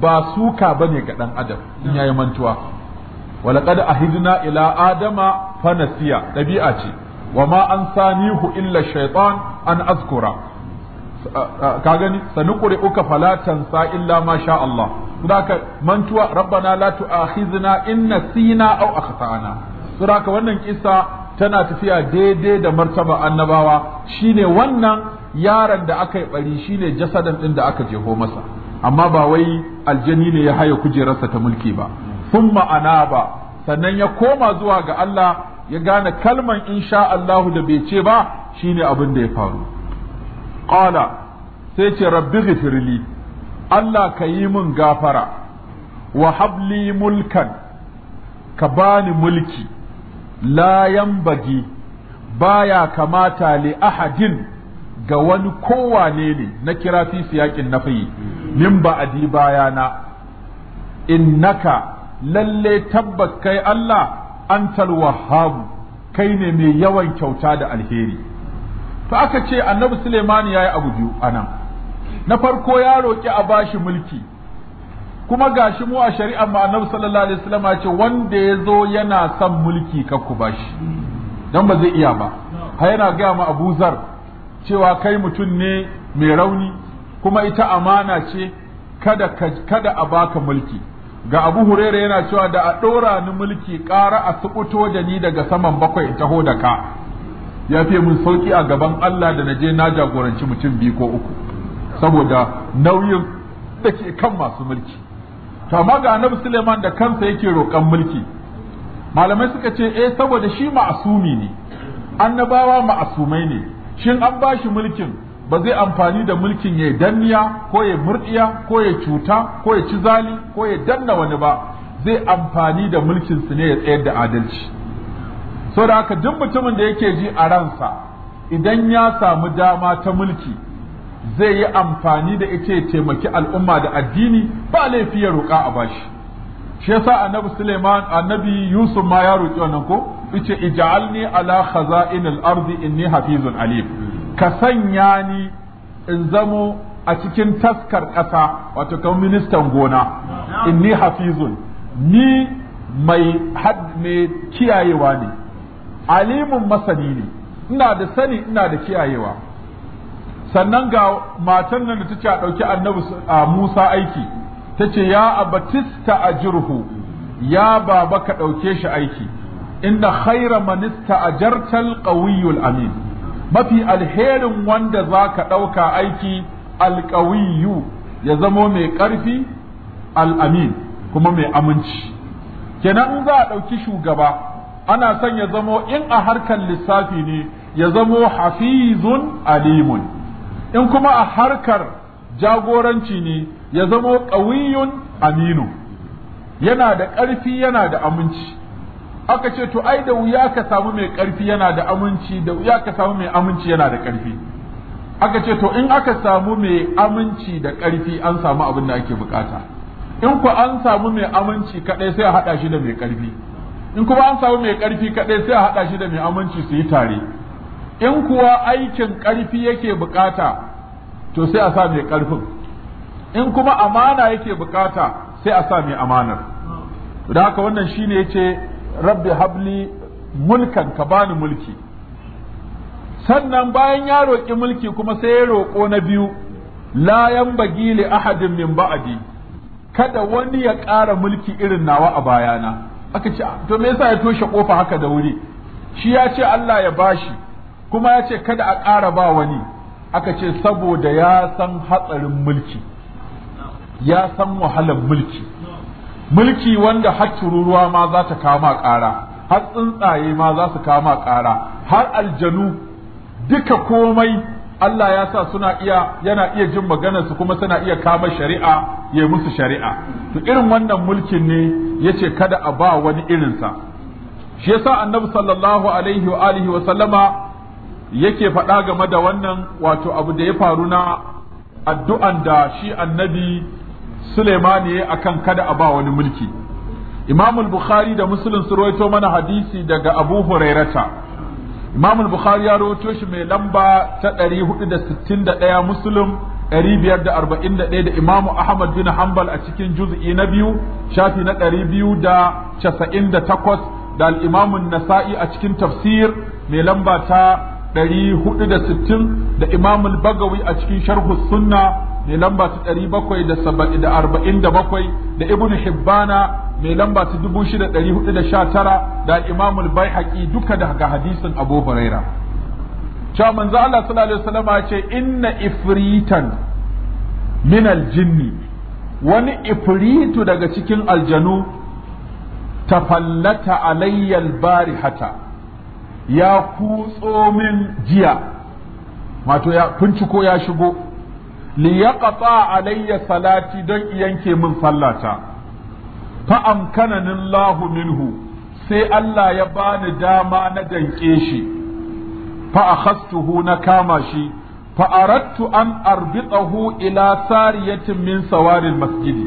ba suka bane ga dan adam in yayi mantuwa walaqad ahidna ila adama fanasiya dabi'a ce wa ma an sanihu illa shaytan an azkura ka gani sanukure uka falatan sa illa ma sha Allah saboda mantuwa rabbana la tu'akhidna in nasina aw akhtana saboda wannan kisa tana tafiya daidai da martaba annabawa shine wannan yaron da aka yi bari shine jasadan ɗin da aka jeho masa amma ba wai aljani ne ya haya kujerarsa ta mulki ba Sun ma'ana ba. sannan ya koma zuwa ga Allah ya gane kalman insha Allah da bai ce ba ne abin da ya faru qala sai ce rabbi ghifirli Allah ka yi min gafara wa habli mulkan ka bani mulki la yambagi baya kamata li ahadin ga wani kowane ne na kira fi siyakin nafi min ba'adi bayana naka lalle tabbas kai Allah an wahabu kai ne mai yawan kyauta da alheri to aka ce annabi ya yi abu biyu anan na farko ya roƙi a bashi mulki kuma gashi mu a shari'a ma annabi sallallahu alaihi wasallam ya ce wanda ya zo yana son mulki kakku bashi dan ba zai iya ba har yana ga ma Abu cewa kai mutum ne mai rauni kuma ita amana ce kada kada a baka mulki ga abu hurera yana cewa da a ɗora ni mulki ƙara a subuto da ni daga saman bakwai in taho da ka ya fi mun sauki a gaban Allah da naje na jagoranci mutum biyu ko uku saboda nauyin da ke kan masu mulki to amma ga annabi Suleiman da kansa yake roƙan mulki malamai suka ce eh saboda shi ma'asumi ne annabawa ma'asumai ne shin an ba shi mulkin ba zai amfani da mulkin ya danniya ko ya murdiya ko ya cuta ko ya ci zali ko ya danna wani ba zai amfani da mulkin su ne ya tsayar da adalci so da haka duk mutumin da yake ji a ransa idan ya samu dama ta mulki zai yi amfani da ita ya taimaki al'umma da addini ba laifi ya roƙa a bashi shi yasa annabi Suleiman annabi Yusuf ma ya roƙi wannan ko yace ij'alni ala khaza'inil ardi inni hafizun alim ka sanya ni in zamo a cikin taskar ƙasa wato kan ministan gona inni hafizun ni mai mai kiyayewa ne alimun masani ne ina da sani ina da kiyayewa sannan ga matan nan da ta a ɗauki annabi musa aiki ta ce ya abatista ajruhu ya baba ka ɗauke shi aiki inna khaira man al qawiyyul amin mafi alherin wanda zaka dauka aiki alqawiyyu ya zamo mai karfi al-amin kuma mai aminci kenan in za a dauki shugaba ana son ya zamo in a harkar lissafi ne ya zamo hafizun alimun in kuma a harkar jagoranci ne ya zamo ƙawiyun aminu yana da ƙarfi yana da aminci aka ce to ai da wuya ka samu mai ƙarfi yana da aminci da wuya ka samu mai aminci yana da ƙarfi aka ce to in aka samu mai aminci da ƙarfi an samu abin da ake bukata in ku an samu mai aminci kadai sai a haɗa shi da mai ƙarfi in kuma an samu mai ƙarfi kadai sai a haɗa shi da mai aminci su yi tare in kuwa aikin ƙarfi yake bukata to sai a sa mai ƙarfin in kuma amana yake bukata sai a sa mai amanar da haka wannan shine yace rabbi habli mulkan ka bani mulki sannan bayan ya roƙi mulki kuma sai ya roƙo na biyu la yanbaghi li ahadin min ba'di kada wani ya ƙara mulki irin nawa a bayana aka ce to me yasa ya toshe kofa haka da wuri shi ya ce Allah ya bashi kuma ya ce kada a ƙara ba wani aka ce saboda ya san hatsarin mulki ya san wahalar mulki mulki wanda har tururuwa ma za ta kama ƙara har tsuntsaye ma za su kama ƙara har aljanu duka komai Allah ya sa suna iya yana iya jin maganar su kuma suna iya kama shari'a ya musu shari'a to irin wannan mulkin ne yace kada a ba wani irinsa shi yasa annabi sallallahu alaihi wa alihi wa sallama yake faɗa game da wannan wato abu da ya faru na addu'an da shi annabi Suleiman ne akan kada a ba wani mulki Imam Bukhari da Muslim su rawaito mana hadisi daga Abu Hurairata Imam Bukhari ya rawaito shi mai lamba ta 461 Muslim 541 da Imam Ahmad bin Hanbal a cikin juz'i na biyu shafi na 298 da al-Imam An-Nasa'i a cikin tafsir mai lamba ta 460 da Imam Al-Bagawi a cikin sharh sunna mai lamba ta ɗari bakwai da saba'in da arba'in da bakwai da ibnu hibbana mai lamba ta dubu shida ɗari hudu da sha tara da imamul baihaqi duka daga hadisin abu huraira cewa manzo Allah sallallahu alaihi wasallam ya ce inna ifritan min aljinni wani ifritu daga cikin aljanu tafallata alayyal barihata ya kutso min jiya wato ya kunciko ya shigo li yaqta alayya salati don yanke min sallata fa kananin lahu minhu sai Allah ya bani dama na danke shi fa akhastuhu na kama shi fa aradtu an arbitahu ila sariyatin min sawaril masjidi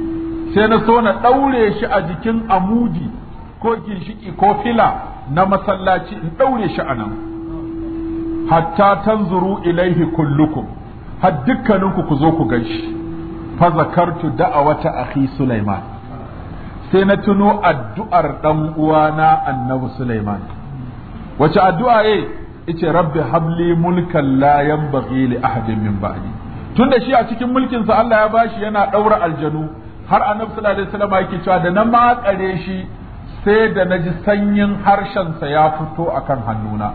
sai na so na daure shi a jikin amudi ko ginshiƙi ko fila na masallaci in daure shi anan hatta tanzuru ilaihi kullukum har dukkaninku ku zo ku ganshi fa zakartu da'awata akhi Sulaiman sai na tuno addu'ar dan uwana Annabi Sulaiman wace addu'a ye eh? yace rabbi habli mulkan la yanbaghi li ahadin min ba'di tunda shi a cikin mulkin sa Allah ya bashi yana daura aljanu har Annabi sallallahu alaihi wasallam yake cewa da na matsare shi sai da naji sanyin harshen sa ya fito akan hannuna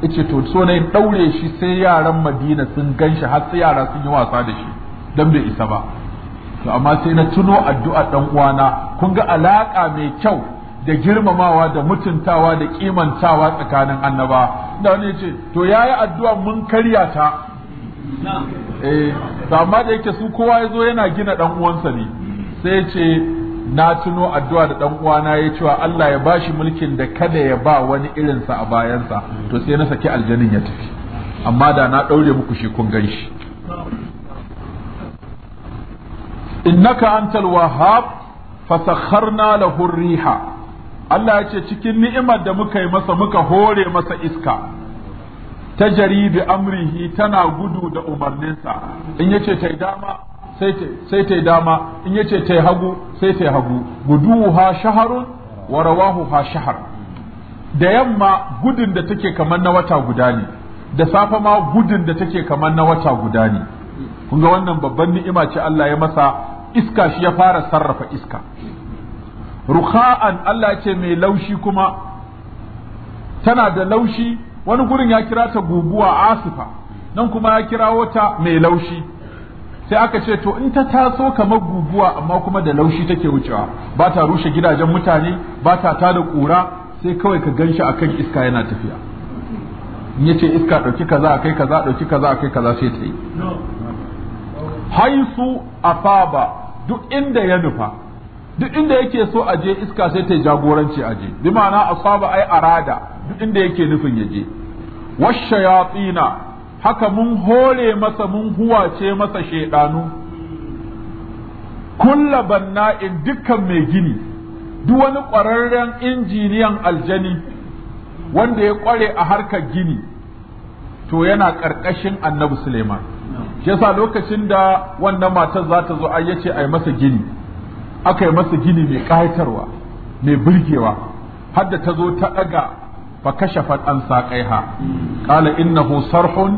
Ice to so ne daure shi sai yaran Madina sun ganshi har sai yara sun yi wasa da shi dan bai isa ba to amma sai na tuno addu'a dan uwana kun ga alaka mai kyau da girmamawa da mutuntawa da kimantawa tsakanin annaba da wani yace to yayi addu'a mun karya ta eh amma da yake su kowa yazo yana gina dan uwansa ne sai yace na tuno addu'a da dan uwana ya cewa Allah ya bashi mulkin da kada ya ba wani irinsa a bayansa to sai na saki aljanin ya tafi amma da na daure muku shi kun gan shi innaka antal wahhab fasakharna lahu riha Allah ya ce cikin ni'imar da muka yi masa muka hore masa iska ta jari amrihi tana gudu da umarninsa in yace tai dama sai ta dama in yace ta hagu sai ta hagu ha shaharun wa ha shahar da yamma gudun da take kamar na wata guda ne da safa ma gudun da take kamar na wata guda ne kun wannan babban ni'ima ce Allah ya masa iska shi ya fara sarrafa iska ruha'an Allah ce mai laushi kuma tana da laushi wani gurin ya kira ta guguwa asifa nan kuma ya kira wata mai laushi sai aka ce to in ta taso kamar guguwa amma kuma da laushi take wucewa ba ta rushe gidajen mutane ba ta tada kura sai kawai ka ganshi akan iska yana tafiya in yace iska dauki kaza akai kaza dauki kaza akai kaza sai ta yi haisu afaba duk inda ya nufa duk inda yake so aje iska sai ta jagoranci aje bi ma'ana asaba ai arada duk inda yake nufin ya je washayatina haka mun hore masa mun huwace masa shaidanu kulla banna'in dukkan mai gini duk wani ƙwararren injiniyan aljani wanda ya ƙware a harkar gini to yana ƙarƙashin annabi suleiman shi yasa lokacin da wannan matar za ta zo ai a ai masa gini aka yi masa gini mai ƙayatarwa mai burgewa hadda ta zo ta ɗaga fa عن ساقيها قال انه صرح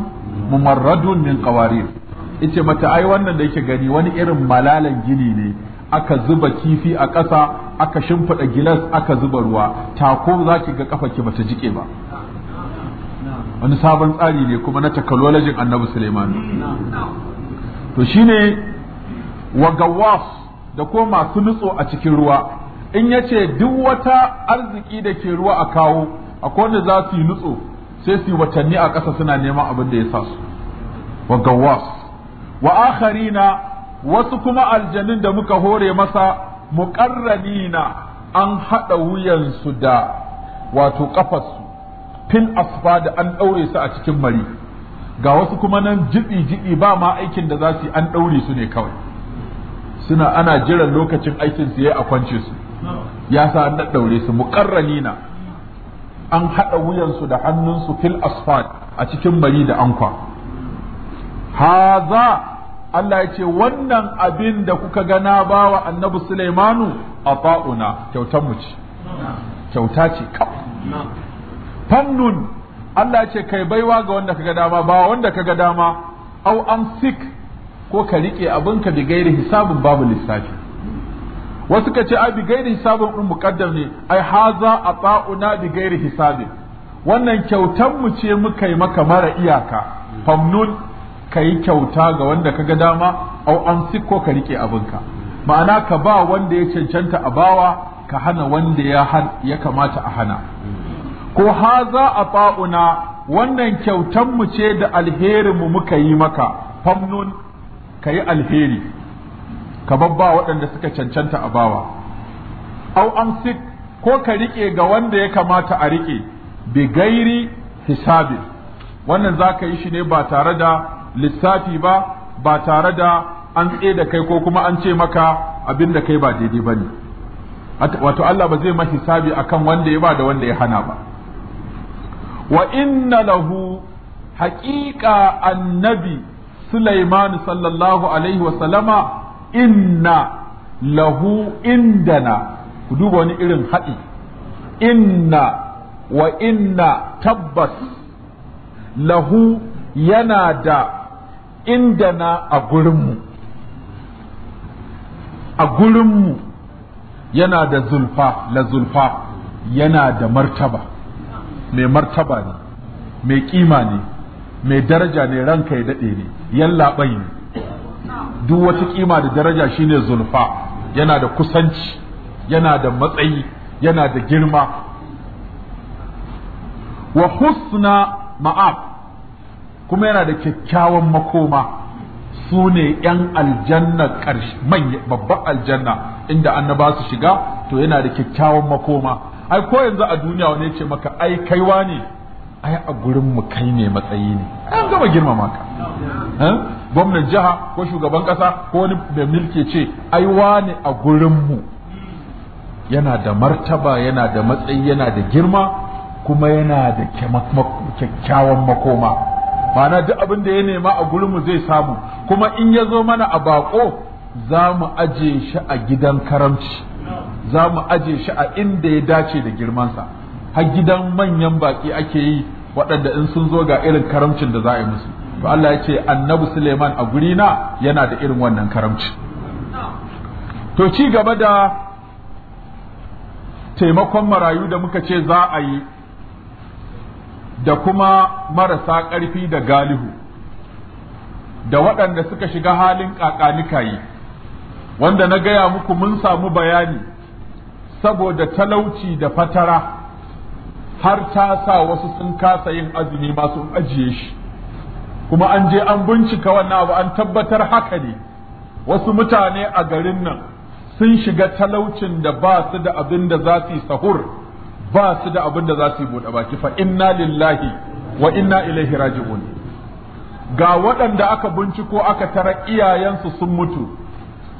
ممرد من قوارير qawarir mata ai wannan da yake gani wani irin malalan gini ne aka zuba kifi a ƙasa aka shimfiɗa gilas aka zuba ruwa tako za ki ga kafa ki bata jike ba wani sabon tsari ne kuma na takalolajin annabi suleiman to shine wa gawas da ko masu nutso a cikin ruwa in yace duk wata arziki da ke ruwa a kawo akwai wanda za su yi nutso sai su yi watanni a ƙasa suna neman abin da ya sa su wa gawas wa akharina wasu kuma aljanin da muka hore masa muqarranina an haɗa su da wato ƙafarsu fil asfa da an ɗaure su a cikin mari ga wasu kuma nan jibi-jibi ba ma aikin da za su yi an ɗaure su ne kawai suna ana jiran lokacin aikin su yayi a kwance su ya sa an ɗaure su muƙarranina an haɗa wuyansu da hannunsu fil asfad a cikin bari da ankwa haza Allah ya wannan abin da kuka gana bawa annabi Sulaimanu a fa'una. kyautar mu ce kyauta ce kawai fannun Allah ce kai baiwa ga wanda kaga dama ba wanda kaga dama au an sik ko ka rike abinka bi gairi hisabin babu lissafi wasu ka ce a bi gairi hisabin din muqaddar ne ai haza a ba'una bi gairi hisabin wannan kyautan mu ce muka yi maka mara iyaka famnun ka kyauta ga wanda ka ga dama au an ko ka rike abinka ma'ana ka ba wanda ya cancanta a bawa ka hana wanda ya kamata a hana ko haza a ba'una wannan kyautan mu ce da alherin mu muka yi maka famnun ka yi alheri ka babba waɗanda suka cancanta a bawa au amsik ko ka riƙe ga wanda ya kamata a riƙe bi gairi hisabi wannan za ka yi shi ne ba tare da lissafi ba ba tare da an da kai ko kuma an ce maka abin da kai ba daidai ba ne wato Allah ba zai ma hisabi akan wanda ya ba da wanda ya hana ba wa inna lahu haƙiƙa annabi Sulaiman sallallahu alaihi wa sallama inna lahu indana ku duba wani irin haɗi inna wa inna tabbas lahu yana da indana a gurinmu a gurinmu yana da zulfa la zulfa yana da martaba mai martaba ne mai kima ne mai daraja ne ranka ya daɗe ne yallaɓai ne duk wata kima da daraja shine zulfa yana da kusanci yana da matsayi yana da girma wa husna ma'ab kuma yana da kyakkyawan makoma sune ne 'yan aljanna ƙarshe babban aljanna inda annaba su shiga to yana da kyakkyawan makoma ai ko yanzu a duniya wani yace maka ai kaiwa ne ai a gurin mu kai ne matsayi ne an gama girmama ka gwamnan jiha ko shugaban kasa ko wani da milke ce ai wani a gurin mu yana da martaba yana da matsayi yana da girma kuma yana da kyakkyawan makoma ma'ana duk abin da ya nema a gurin mu zai samu kuma in ya zo mana a bako za mu aje shi a gidan karamci za mu aje shi a inda ya dace da girmansa har gidan manyan baki ake yi waɗanda in sun zo ga irin karamcin da za a yi musu to Allah ya ce annabi Suleiman a gurina yana da irin wannan karamci to ci gaba da taimakon marayu da muka ce za a yi da kuma marasa ƙarfi da galihu da waɗanda suka shiga halin ƙaƙanikayi wanda na gaya muku mun samu bayani saboda talauci da fatara har ta sa wasu sun kasa yin azumi masu ajiye shi kuma an je an bincika wannan abu an tabbatar haka ne wasu mutane a garin nan sun shiga talaucin da ba su da abin da za su sahur ba su da abin da za su yi buɗe baki fa inna lillahi wa inna ilaihi raji'un ga waɗanda aka binciko aka tara iyayensu sun mutu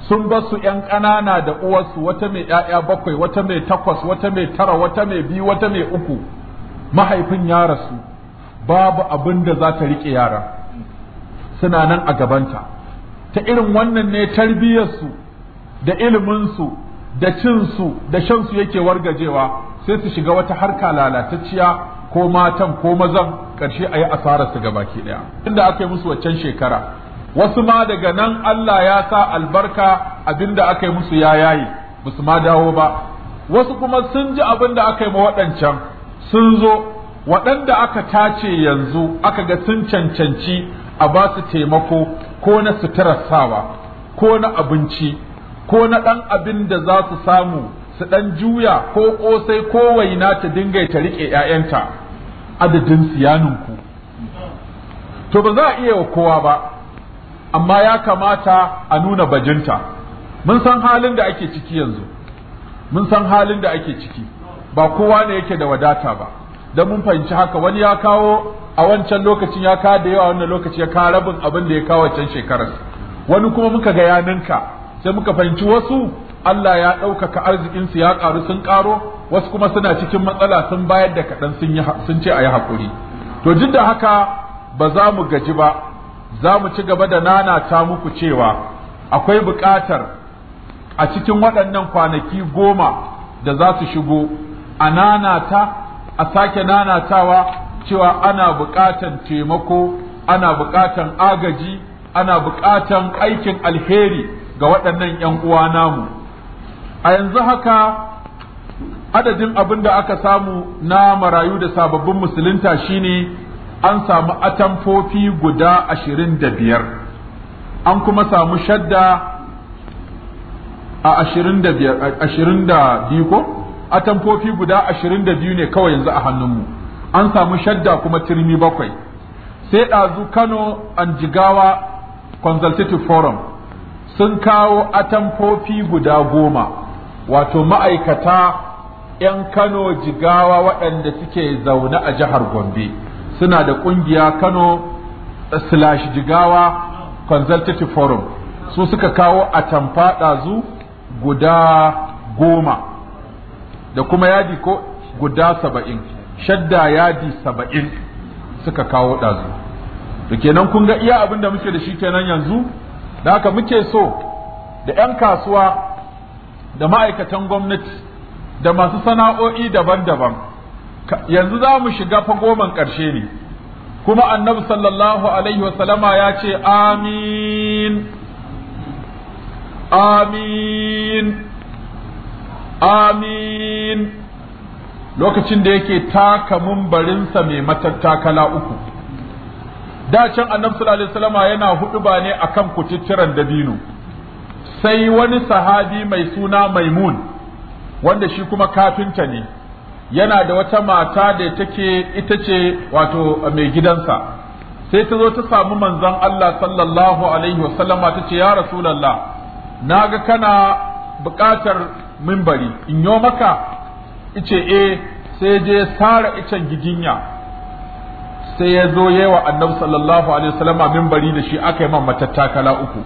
sun ba su ‘yan ƙanana da uwarsu wata mai ‘ya'ya bakwai wata mai takwas wata mai tara wata mai biyu wata mai uku mahaifin ya rasu babu abin da za ta riƙe yaran suna nan a gabanta ta irin wannan ne tarbiyyarsu da iliminsu da cinsu da shansu yake wargajewa sai su shiga wata harka lalatacciya ko matan ko mazan ƙarshe a yi asararsu gabaki ɗaya inda aka yi musu waccan shekara wasu ma daga nan Allah ya sa albarka abinda aka yi musu ya yayi ba su ma dawo ba wasu kuma sun ji abin da aka yi ma waɗancan sun zo waɗanda aka tace yanzu aka ga sun cancanci a ba su taimako ko na suturar sawa ko na abinci ko na ɗan abin da za su samu su ɗan juya ko ƙosai ko waina ta dinga ta riƙe ‘ya'yanta adadin siyaninku to ba za a iya wa kowa ba amma ya kamata a nuna bajinta mun san halin da ake ciki yanzu mun san halin da ake ciki ba kowa ne yake da wadata ba da mun fahimci haka wani ya kawo a wancan lokacin ya kawo da yawa wannan lokaci ya kawo rabin abin da ya kawo wancan shekarar wani kuma muka ga yaninka sai muka fahimci wasu Allah ya ɗaukaka arzikinsu ya ƙaru sun ƙaro wasu kuma suna cikin matsala sun bayar da kaɗan sun ce a yi haƙuri to duk da haka ba za mu gaji ba za mu ci gaba da nanata muku cewa akwai buƙatar a cikin waɗannan kwanaki goma da za su shigo a nanata a sake nanatawa cewa ana buƙatan taimako ana buƙatan agaji ana buƙatan aikin alheri ga waɗannan 'yan uwa namu a yanzu haka adadin abin da aka samu na marayu da sababbin musulunta shine an samu atamfofi guda ashirin da biyar an kuma samu shadda a ashirin da biyu ko atamfofi guda ashirin da biyu ne kawai yanzu a hannunmu an samu shadda kuma turmi bakwai sai ɗazu kano an jigawa consultative forum sun kawo atamfofi guda goma wato ma'aikata 'yan kano jigawa waɗanda suke zaune a jihar gombe suna da ƙungiya kano slash jigawa consultative forum su suka kawo a tamfa ɗazu guda goma da kuma yadi ko guda saba'in shadda yadi saba'in suka kawo ɗazu da kenan kun ga iya abin da muke da shi kenan yanzu da haka muke so da 'yan kasuwa da ma'aikatan gwamnati da masu sana'o'i daban-daban yanzu za mu shiga fa goman ƙarshe ne kuma annabi sallallahu alaihi wasallama ya ce amin amin amin lokacin da yake taka mumbarinsa mai matattakala uku da can annabi sallallahu alaihi wasallama yana huɗuba ne akan kututturan dabino sai wani sahabi mai suna maimun wanda shi kuma kafinta ne yana da wata mata da take ita ce wato mai gidansa sai ta zo ta samu manzon Allah sallallahu alaihi wasallama ta ce ya rasulullah naga kana buƙatar mimbari in yo maka ice e sai je sara icen giginya sai ya zo yawa annabi sallallahu alaihi wasallama mimbari da shi aka yi man matattakala uku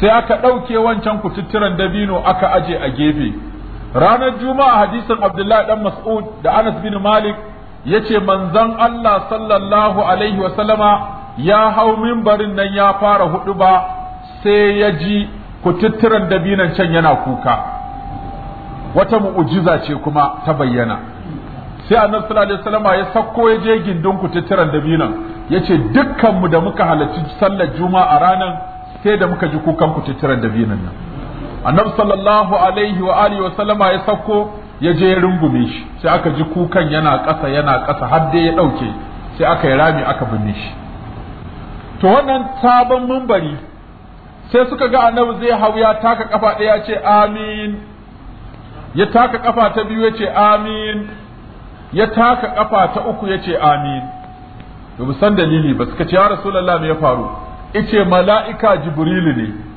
sai aka ɗauke wancan kututturen dabino aka aje a gefe ranar juma'a hadisin abdullahi dan mas'ud da anas bin malik yace manzon Allah sallallahu alaihi wa sallama ya hau mimbarin nan ya fara hudu ba sai ya ji kututturan dabinan can yana kuka wata mu'ujiza ce kuma ta bayyana sai annabi sallallahu alaihi wasallama ya sako ya je gindin kututturan dabinan yace dukkanmu da muka halarci sallar juma'a ranan sai da muka ji kukan kututturan dabinan nan annabi sallallahu alaihi wa alihi wa sallama ya sauko ya je ya rungume shi sai aka ji kukan yana ƙasa yana ƙasa har dai ya ɗauke sai aka yi rami aka binne shi to wannan sabon mumbari sai suka ga annabi zai hau ya taka kafa ɗaya ce amin ya taka kafa ta biyu ya ce amin ya taka kafa ta uku ya ce amin to san dalili ba suka ce ya rasulullahi me ya faru ice mala'ika jibrilu ne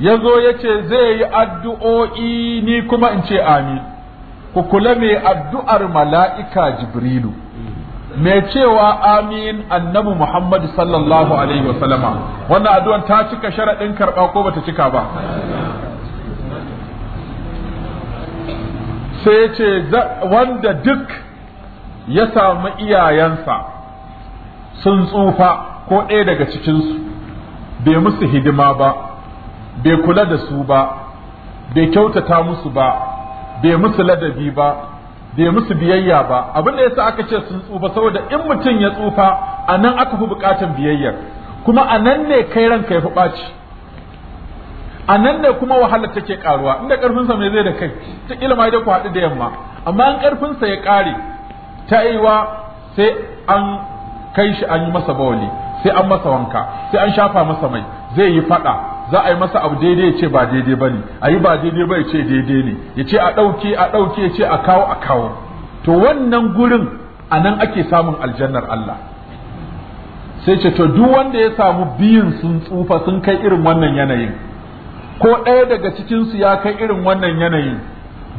ya zo ya ce zai yi addu'o'i ni kuma in ce amin ku kula mai addu'ar mala'ika jibrilu mai cewa amin annabi Muhammad sallallahu alaihi wasallama wannan addu'an ta cika sharaɗin karɓa ko bata cika ba sai ce wanda duk ya samu iyayensa sun tsufa ko ɗaya daga cikinsu bai musu hidima ba bai kula da su ba bai kyautata musu ba bai musu ladabi ba bai musu biyayya ba abin da yasa aka ce sun tsufa saboda in mutum ya tsufa anan nan aka fi bukatan biyayyar kuma a nan ne kai ranka ya fi ɓaci a nan ne kuma wahalar take karuwa inda karfinsa mai zai da kai ta ilma dai ku haɗu da yamma amma an karfinsa ya ƙare ta wa sai an kai shi an yi masa bawali sai an masa wanka sai an shafa masa mai zai yi faɗa za a yi masa abu daidai ya ce ba daidai ba ne a yi ba daidai ba ya ce daidai ne ya ce a ɗauke a ɗauke ya ce a kawo a kawo to wannan gurin a nan ake samun aljannar Allah sai ce to duk wanda ya samu biyun sun tsufa sun kai irin wannan yanayin ko ɗaya daga cikinsu ya kai irin wannan yanayin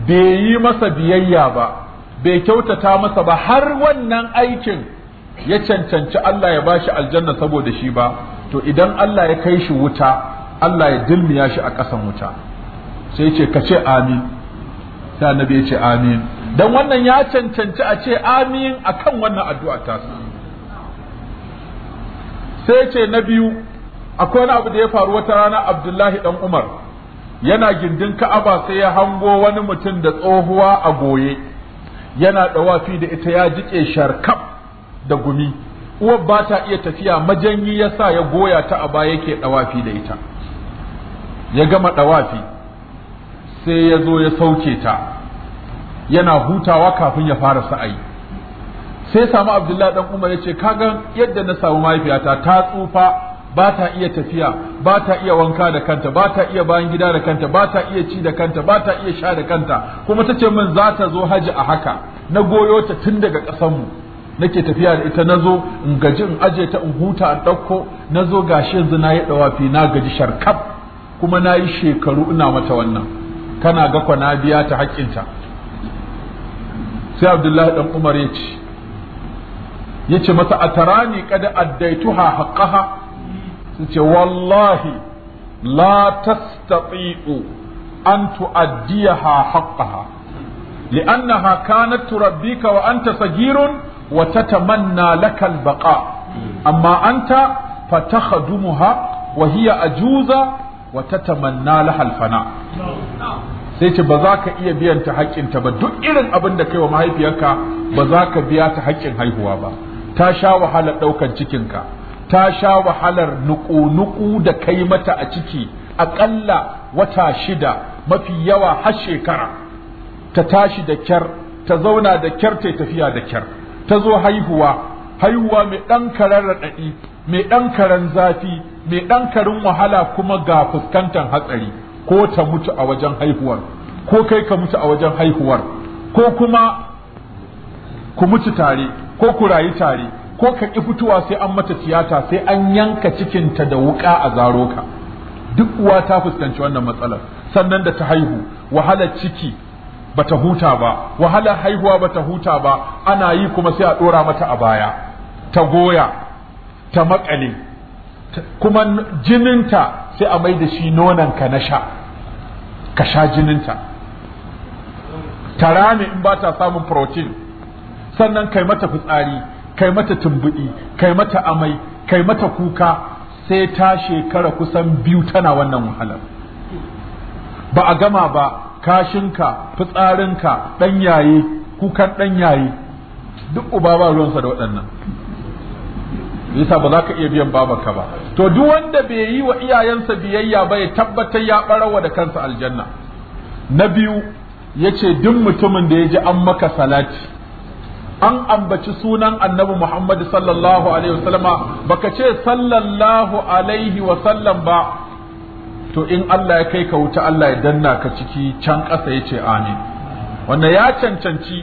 bai yi masa biyayya ba bai kyautata masa ba har wannan aikin ya cancanci Allah ya bashi aljanna saboda shi ba to idan Allah ya kai shi wuta Allah ya dilmiya shi a ƙasan wuta sai ce ka ce amin sai annabi ya ce amin dan wannan ya cancanci a ce amin akan wannan addu'a ta sai ce na biyu akwai wani abu da ya faru wata rana Abdullahi dan Umar yana gindin Ka'aba sai ya hango wani mutum da tsohuwa a goye yana dawafi da ita ya jike sharkab da gumi uwar ba ta iya tafiya majanyi ya sa ya goya ta a baya yake dawafi da ita ya gama dawafi sai ya zo ya sauke ta yana hutawa kafin ya fara sa'ayi sai samu abdullahi dan umar ya ce kaga yadda na samu mahaifiyata ta tsufa ba ta iya tafiya ba ta iya wanka da kanta ba ta iya bayan gida da kanta ba ta iya ci da kanta ba ta iya sha da kanta kuma ta ce min za ta zo haji a haka na goyo ta tun daga ƙasanmu nake tafiya da ita na zo in gaji in aje ta in huta a ɗauko na zo gashi yanzu na yi ɗawafi na gaji sharkaf kuma na yi shekaru ina mata wannan kana ga kwana biya ta haƙƙinta sai abdullahi dan umar ya ce ya ce masa a tarani kada addaituha haƙaha sun ce wallahi la tastati'u an tu'addiyaha haqqaha li'annaha kanat turabbika wa anta wata ta tatamanna laka al-baqa amma anta fatakhadumuha wa ajuza Wata tamanna lahal fana sai ce ba za ka iya biyan ta haƙƙin ta ba duk irin abin da kai wa mahaifiyarka ba za ka biya ta haƙƙin haihuwa ba ta sha wahalar ɗaukar cikinka ta sha wahalar nuku-nuku da kai mata a ciki aƙalla wata shida mafi yawa har shekara ta tashi da kyar ta zauna da kyar ta tafiya da kyar ta zo haihuwa haihuwa mai ɗan karar raɗaɗi mai ɗan karen zafi mai ɗan karin wahala kuma ga fuskantar hatsari ko ta mutu a wajen haihuwar ko kai ka mutu a wajen haihuwar ko kuma ku mutu tare ko ku rayu tare ko ka ƙi fitowa sai an mata tiyata sai an yanka cikinta da wuƙa a zaro ka duk uwa ta fuskanci wannan matsalar sannan da ta haihu wahalar ciki bata huta ba wahalar haihuwa bata huta ba ana yi kuma sai a ɗora mata a baya ta goya ta makale kuma jininta sai a mai da shi ka na sha ka sha jininta ta rame in ba ta samun protein sannan kai mata fitsari kai mata tumbuɗi kai mata amai kai mata kuka sai ta shekara kusan biyu tana wannan wahalar ba a gama ba kashinka fitsarinka ɗanyaye kukan ɗanyaye duk uba ba ruwansa da waɗannan yasa ba za ka iya biyan babanka ba to duk wanda bai yi wa iyayensa biyayya ba ya tabbatar ya barawa da kansa aljanna na biyu yace duk mutumin da ya ji an maka salati an ambaci sunan annabi Muhammadu sallallahu alaihi wasallama baka ce sallallahu alaihi wasallam ba to in Allah ya kai ka wuta Allah ya danna ka ciki can ƙasa yace amin wannan ya cancanci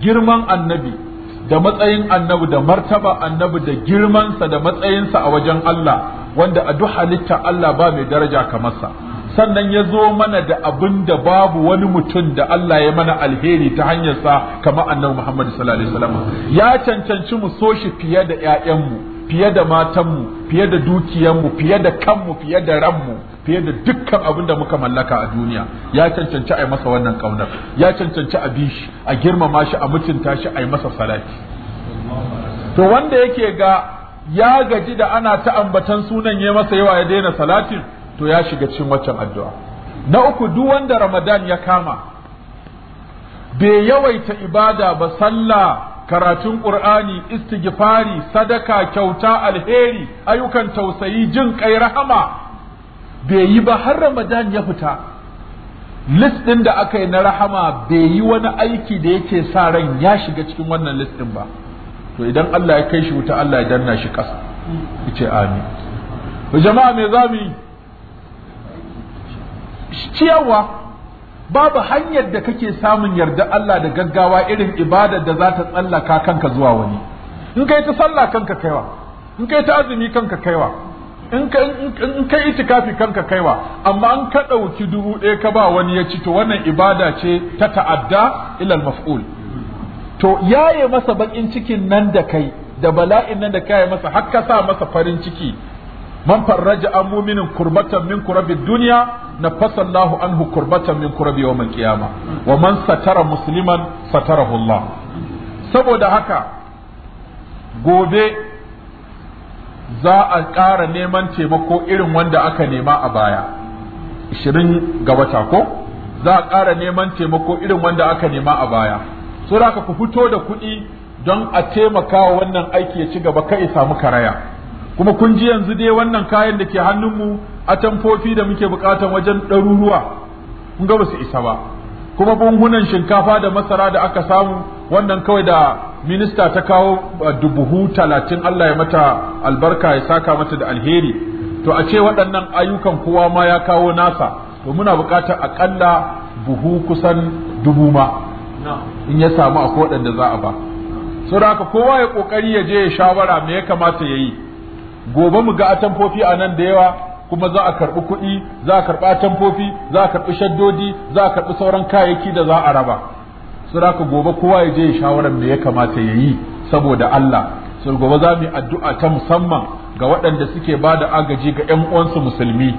girman annabi da matsayin annabi da martaba annabi da girmansa da matsayinsa a wajen Allah wanda a duk halitta Allah ba mai daraja kamar sa sannan ya zo mana da abin da babu wani mutum da Allah ya mana alheri ta hanyarsa kamar annabi Muhammad sallallahu alaihi wasallam ya cancanci mu so shi fiye da 'ya'yanmu, fiye da matanmu fiye da dukiyanmu fiye da kanmu fiye da ranmu fiye da dukkan abin da muka mallaka a duniya ya cancanci a yi masa wannan kaunar ya cancanci a bi shi a girmama shi a mutunta shi a yi masa salati to wanda yake ga ya gaji da ana ta ambatan sunan ya masa yawa ya daina salatin to ya shiga cikin waccan addu'a na uku duk wanda ramadan ya kama bai yawaita ibada ba sallah karatun ƙur'ani istighfari sadaka kyauta alheri ayyukan tausayi jin kai rahama bai yi ba har ramadan ya fita list ɗin da aka yi na rahama bai yi wani aiki da yake sa ran ya shiga cikin wannan list ɗin ba to idan Allah ya kai shi wuta Allah ya danna shi ƙasa yace amin to jama'a me za mu yi ciyawa babu hanyar da kake samun yarda Allah da gaggawa irin ibadar da za ta tsallaka kanka zuwa wani in kai ta sallah kanka kaiwa in kai ta azumi kanka kaiwa in ka in ka itikafi kanka kaiwa amma an ka ɗauki dubu ɗaya ka ba wani ya ci to wannan ibada ce ta ta'adda ilal maf'ul to yaye masa bakin cikin nan da kai da bala'in nan da kai masa har ka sa masa farin ciki man farraja an muminin kurbatan min kurabi duniya na fasallahu anhu kurbatan min kurabi yawmal qiyama wa man satara musliman satarahu Allah saboda haka gobe za a ƙara neman taimako irin wanda aka nema a baya 20 ga wata ko za a ƙara neman taimako irin wanda aka nema a baya so da ku fito da kuɗi don a taimaka wa wannan aiki ya ci gaba kai samu karaya kuma kun ji yanzu dai wannan kayan da ke hannunmu a tamfofi da muke buƙatan wajen ɗaruruwa kun ga ba su isa ba kuma bungunan shinkafa da masara da aka samu wannan kawai da minista ta kawo dubuhu talatin Allah ya mata albarka ya saka mata da alheri to a ce waɗannan ayyukan kowa ma ya kawo nasa to muna buƙatar aƙalla buhu kusan dubu ma in ya samu akwai waɗanda za a ba da haka kowa ya ƙoƙari ya je ya shawara me ya kamata ya yi gobe mu ga atamfofi a nan da yawa kuma za a karɓi kuɗi za a karɓi atamfofi za a karɓi shaddodi za a karɓi sauran kayayyaki da za a raba saraka gobe kowa ya je shawarar da ya kamata ya yi saboda Allah sai gobe za mu yi addu'a ta musamman ga waɗanda suke ba da agaji ga ƴan uwansu musulmi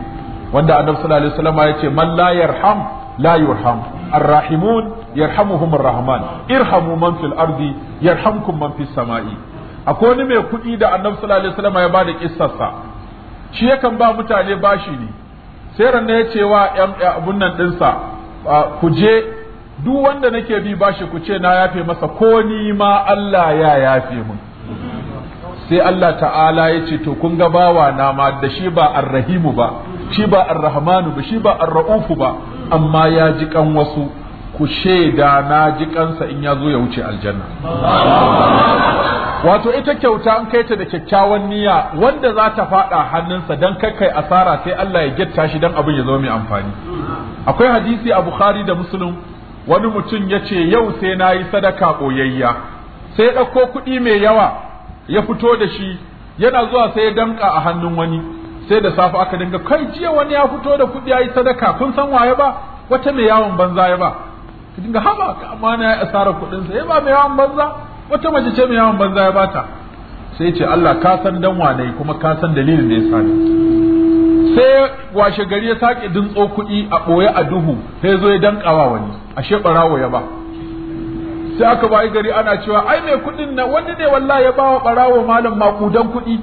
wanda annabi sallallahu alaihi wasallam ya ce man la yarham la yurham arrahimun yarhamuhum arrahman irhamu man fil ardi yarhamkum man fis samai akwai wani mai kuɗi da annabi sallallahu alaihi wasallam ya ba da kissarsa shi yakan ba mutane bashi ne sai ran ya ce wa abun nan ɗinsa ku je duk wanda nake bi bashi ku ce na yafe masa ko ni ma Allah ya yafe mun sai Allah ta'ala ya ce to kun ga bawa na ma da shi ba arrahimu ba shi ba arrahmanu ba shi ba arraufu ba amma ya ji kan wasu ku sheda na ji kansa in ya zo ya wuce aljanna wato ita kyauta an kai ta da kyakkyawan niyya wanda za ta faɗa hannunsa dan kai kai asara sai Allah ya getta shi dan abin ya zo mai amfani akwai hadisi a Bukhari da Muslim wani mutum ya ce yau sai na yi sadaka ɓoyayya sai ya ɗauko kuɗi mai yawa ya fito da shi yana zuwa sai ya danka a hannun wani sai da safe aka dinga kai jiya wani ya fito da kuɗi ya yi sadaka kun san waye ba wata mai yawon banza ya ba ka dinga haba ka na ya asara kuɗinsa ya eh, ba mai yawon banza wata mace ce mai yawon banza ya bata sai ce Allah ka san dan wane kuma ka san dalilin da ya sani sai washe gari ya sake dintso kuɗi a ɓoye a duhu sai zo ya wa wani ashe barawo ya ba sai aka bayi gari ana cewa ai mai kuɗin na wani ne wallahi ya ba wa barawo malam makudan kuɗi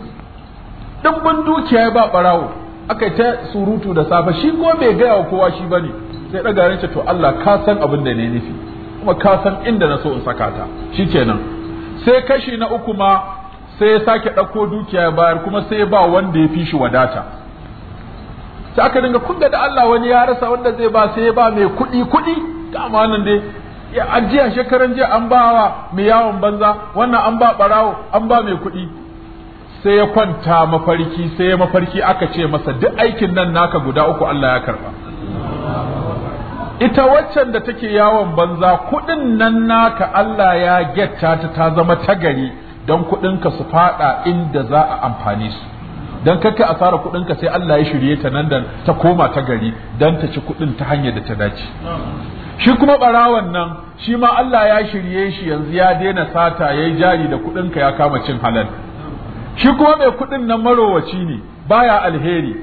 ɗimbin dukiya ya ba barawo aka ta surutu da safe shi ko bai gaya wa kowa shi bane sai ɗaga ran to Allah ka san abin da ne nufi kuma ka san inda na so in saka ta kenan sai kashi na uku ma sai ya sake ɗauko dukiya ya bayar kuma sai ya ba wanda ya fi shi wadata sai aka dinga kun da Allah wani ya rasa wanda zai ba sai ya ba mai kuɗi kuɗi kama nan dai ya ajiya shekaran jiya an ba wa mai yawon banza wannan an ba barawo an ba mai kuɗi sai ya kwanta mafarki sai ya mafarki aka ce masa duk aikin nan naka guda uku Allah ya karba ita waccan da take yawon banza kuɗin nan naka Allah ya getta ta ta zama tagari don kuɗinka su faɗa inda za a amfani su don kakka a tsara kuɗinka sai Allah ya shirye ta nan da ta koma ta gari don ta ci kuɗin ta hanyar da ta dace shi kuma barawan nan shi ma Allah ya shirye shi yanzu ya daina sata ya yi jari da kuɗinka ya kama cin halal shi kuma mai kuɗin nan marowaci ne baya alheri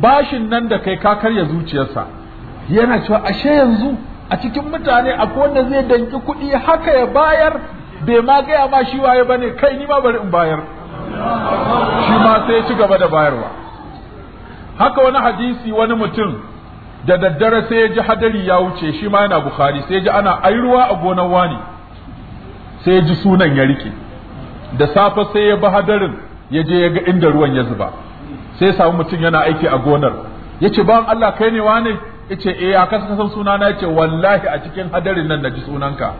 bashin nan da kai ka karya zuciyarsa yana cewa ashe yanzu a cikin mutane akwai wanda zai danki kuɗi haka ya bayar bai ma gaya ma shi waye bane kai ni ma bari in bayar shi ma sai ci gaba da bayarwa haka wani hadisi wani mutum da daddare sai ya ji hadari ya wuce shi ma yana bukhari sai ji ana airuwa ruwa a gonan wani sai ya ji sunan ya rike da safe sai ya bi hadarin ya je ya ga inda ruwan ya zuba sai samu mutum yana aiki a gonar ya ce bawan Allah kai ne wani ya ce eh a kasa kasan sunana ya ce wallahi a cikin hadarin nan na ji sunanka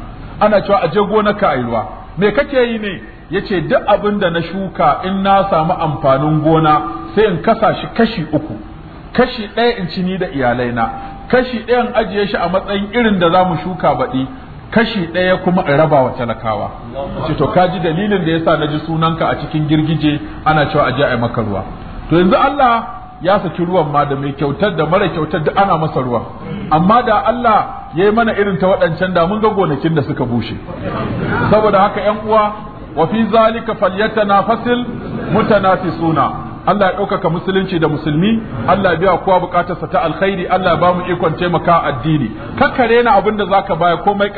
ana cewa a je gonarka a ruwa me kake yi ne ya ce duk abin da na shuka in na samu amfanin gona sai in kasa shi kashi uku kashi ɗaya in ci ni da iyalaina kashi ɗaya in ajiye shi a matsayin irin da zamu shuka baɗi kashi ɗaya kuma in raba wa talakawa ce to ka ji dalilin da yasa na ji sunanka a cikin girgije ana cewa aje a maka ruwa to yanzu Allah ya saki ruwan ma da mai kyautar da mara kyautar duk ana masa ruwa amma da Allah ya yi mana irin ta waɗancan da mun ga gonakin da suka bushe saboda haka ƴan uwa wa fi zalika falyatanafasil mutanafisuna Allah ya ɗaukaka musulunci da musulmi Allah ya biya kowa bukatarsa ta alkhairi Allah ya ba mu ikon taimaka addini kakkare na abin da za ka baya komai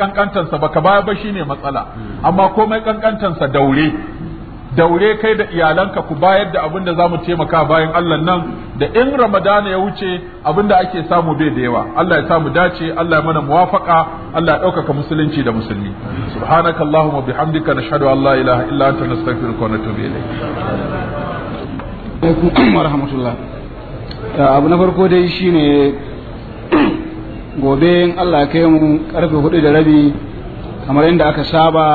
Ba ka baya ba shine matsala amma komai kankantansa daure daure kai da iyalanka ku bayar da abin da za mu taimaka bayan Allah nan da in Ramadana ya wuce abin da ake samu bai da yawa Allah ya samu dace Allah ya mana muwafaka Allah ya ɗaukaka musulunci da musulmi subhanakallahumma bihamdika nashhadu an la ilaha illa anta nastaghfiruka wa natubu ilayk abu na farko dai shine gobe in Allah kai mu karfe hudu da rabi kamar yadda aka saba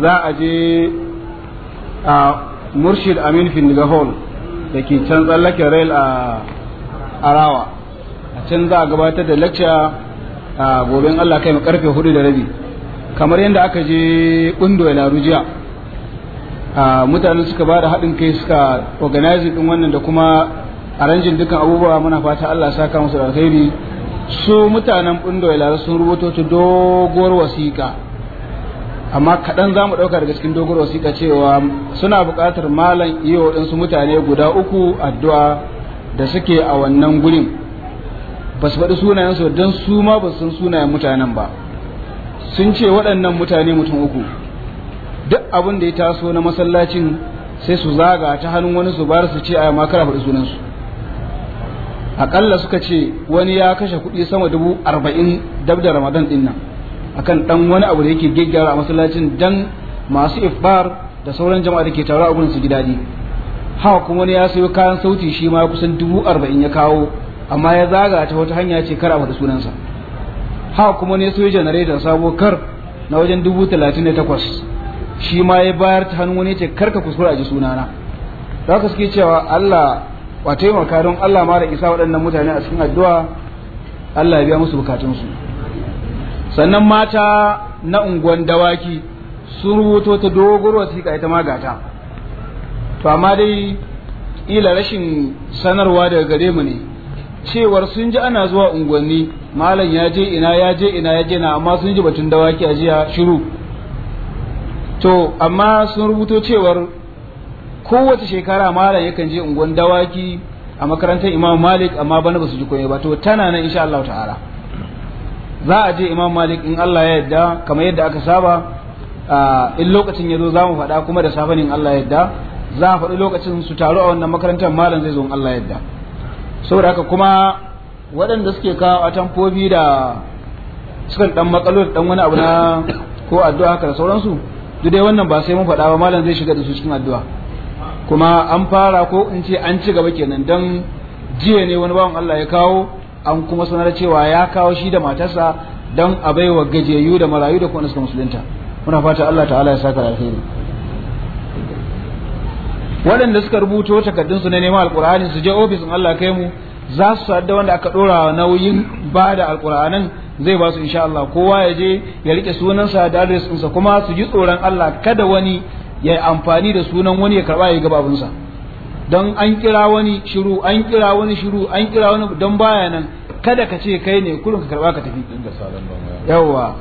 za a je a murshid amin findiga hall da ke can tsallake rail a arawa a can za a gabatar da lecture a gobe in Allah kai mu karfe hudu da rabi kamar yadda aka je kundo ya larujiya mutane suka ba da haɗin kai suka organizing ɗin wannan da kuma aranjin dukkan abubuwa muna fata Allah sa saka musu da alkhairi su mutanen ɓundo ilare sun rubuto ta doguwar wasiƙa amma kaɗan za mu ɗauka daga cikin doguwar wasiƙa cewa suna buƙatar malam iya waɗansu mutane guda uku addu'a da suke a wannan gurin ba su faɗi sunayensu don su ma ba san sunayen mutanen ba sun ce waɗannan mutane mutum uku duk abin da ya taso na masallacin sai su zaga ta hannun wani su bar su ce a ma kara faɗi sunansu aƙalla suka ce wani ya kashe kuɗi sama dubu arba'in dab da ramadan ɗin nan akan ɗan wani abu da yake gaggara a masallacin dan masu ifbar da sauran jama'a da ke taro a gurin su ji daɗi haka kuma wani ya sayo kayan sauti shi ma kusan dubu arba'in ya kawo amma ya zaga ta wata hanya ce kar a faɗi sunansa haka kuma ne ya sayo janareta sabo kar na wajen dubu talatin da takwas shi ma ya bayar ta hannu wani ce karka kuskura a ji sunana za ka suke cewa Allah wa taimaka don Allah ma da isa waɗannan mutane a cikin addu'a Allah ya biya musu bukatunsu sannan mata na unguwan dawaki sun rubuto ta dogor wasiƙa ita ma gata to amma dai ila rashin sanarwa daga gare mu ne cewar sun ji ana zuwa unguwanni malam ya je ina ya je ina ya je na amma sun ji batun dawaki a jiya shiru to amma sun rubuto cewar kowace shekara malam yakan je unguwan dawaki a makarantar imam malik amma bana ba su ji komai ba to tana nan insha Allah ta'ala za a je imam malik in Allah ya yadda kamar yadda aka saba in lokacin ya zo za mu faɗa kuma da safe in Allah ya yadda za a faɗi lokacin su taru a wannan makarantar malam zai zo in Allah ya yadda. saboda haka kuma waɗanda suke kawo atamfobi da sukan dan matsalolin dan wani abu na ko addu'a haka da sauransu duk dai wannan ba sai mun faɗa ba malam zai shiga da su cikin addu'a kuma an fara ko in ce an ci gaba kenan dan jiya ne wani bawan Allah ya kawo an kuma sanar cewa ya kawo shi da matarsa dan a baiwa gajeyu da marayu da kuma musulunta muna fata Allah ta'ala ya saka alheri waɗanda suka rubuto takardun su na neman alkur'ani su je ofisin Allah kai mu za su sadda wanda aka dora nauyin ba da alƙur'anin. zai ba su insha Allah kowa ya je ya rike sunansa da adres sa kuma su ji tsoron Allah kada wani ya amfani da sunan wani ya karba ya ga sa don an kira wani shiru an kira wani shiru an kira wani don baya nan kada ka ce kai ne kullum ka karba ka tafi yawa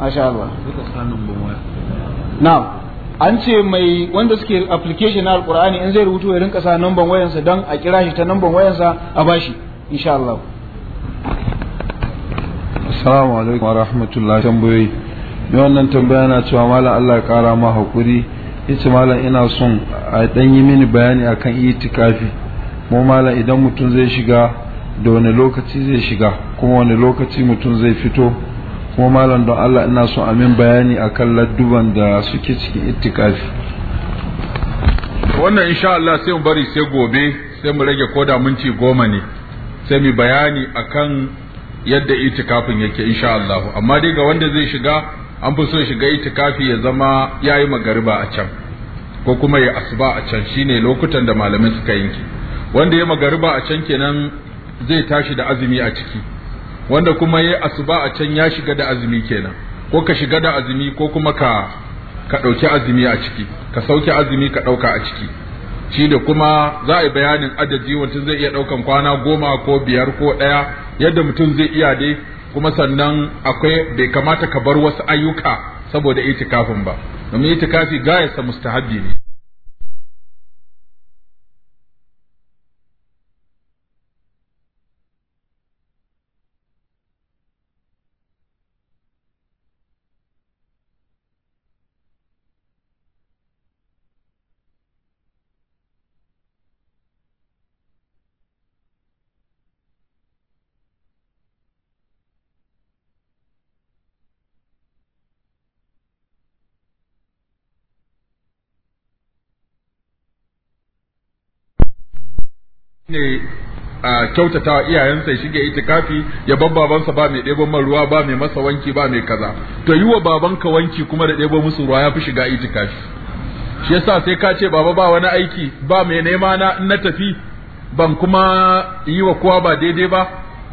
masha Allah na'am an ce mai wanda suke application na alqur'ani in zai rubuto ya rinka sa numban wayansa don a kira shi ta numban wayansa a bashi insha Allah Assalamu alaikum wa rahmatullahi tambayoyi. Mai wannan tambaya na cewa malam Allah ya kara ma hakuri. ita malam ina son a dan yi mini bayani akan itikafi. Mu malam idan mutum zai shiga da wani lokaci zai shiga kuma wani lokaci mutum zai fito kuma malam don Allah ina son min bayani akan ladduban da suke cikin itikafi. Wannan insha Allah sai mu bari sai gobe sai mu rage koda minti goma ne sai mu bayani akan yadda itikafin yake insha Allah amma dai ga wanda zai shiga an fi so shiga itikafi ya zama yayi magariba a can ko kuma ya asuba a can shine lokutan da malamai suka yanke wanda ya magariba a can kenan zai tashi da azumi a ciki wanda kuma ya asuba a can ya shiga da azumi kenan ko ka shiga da azumi ko kuma ka ka ɗauki azumi a ciki ka sauke azumi ka ɗauka a ciki shi da kuma za a yi bayanin adadi mutum zai iya ɗaukan kwana goma ko biyar ko ɗaya yadda mutum zai iya dai kuma sannan akwai bai kamata ka bar wasu ayyuka saboda itikafin ba domin itikafi yasa mustahabbi ne ne a kyautatawa iyayensa ya shige itikafi ya bar babansa ba mai ɗebo man ruwa ba mai masa wanki ba mai kaza to yi wa babanka wanki kuma da ɗebo musu ruwa ya fi shiga itikafi shi yasa sai ka ce baba ba wani aiki ba mai nema na in na tafi ban kuma yi wa kowa ba daidai ba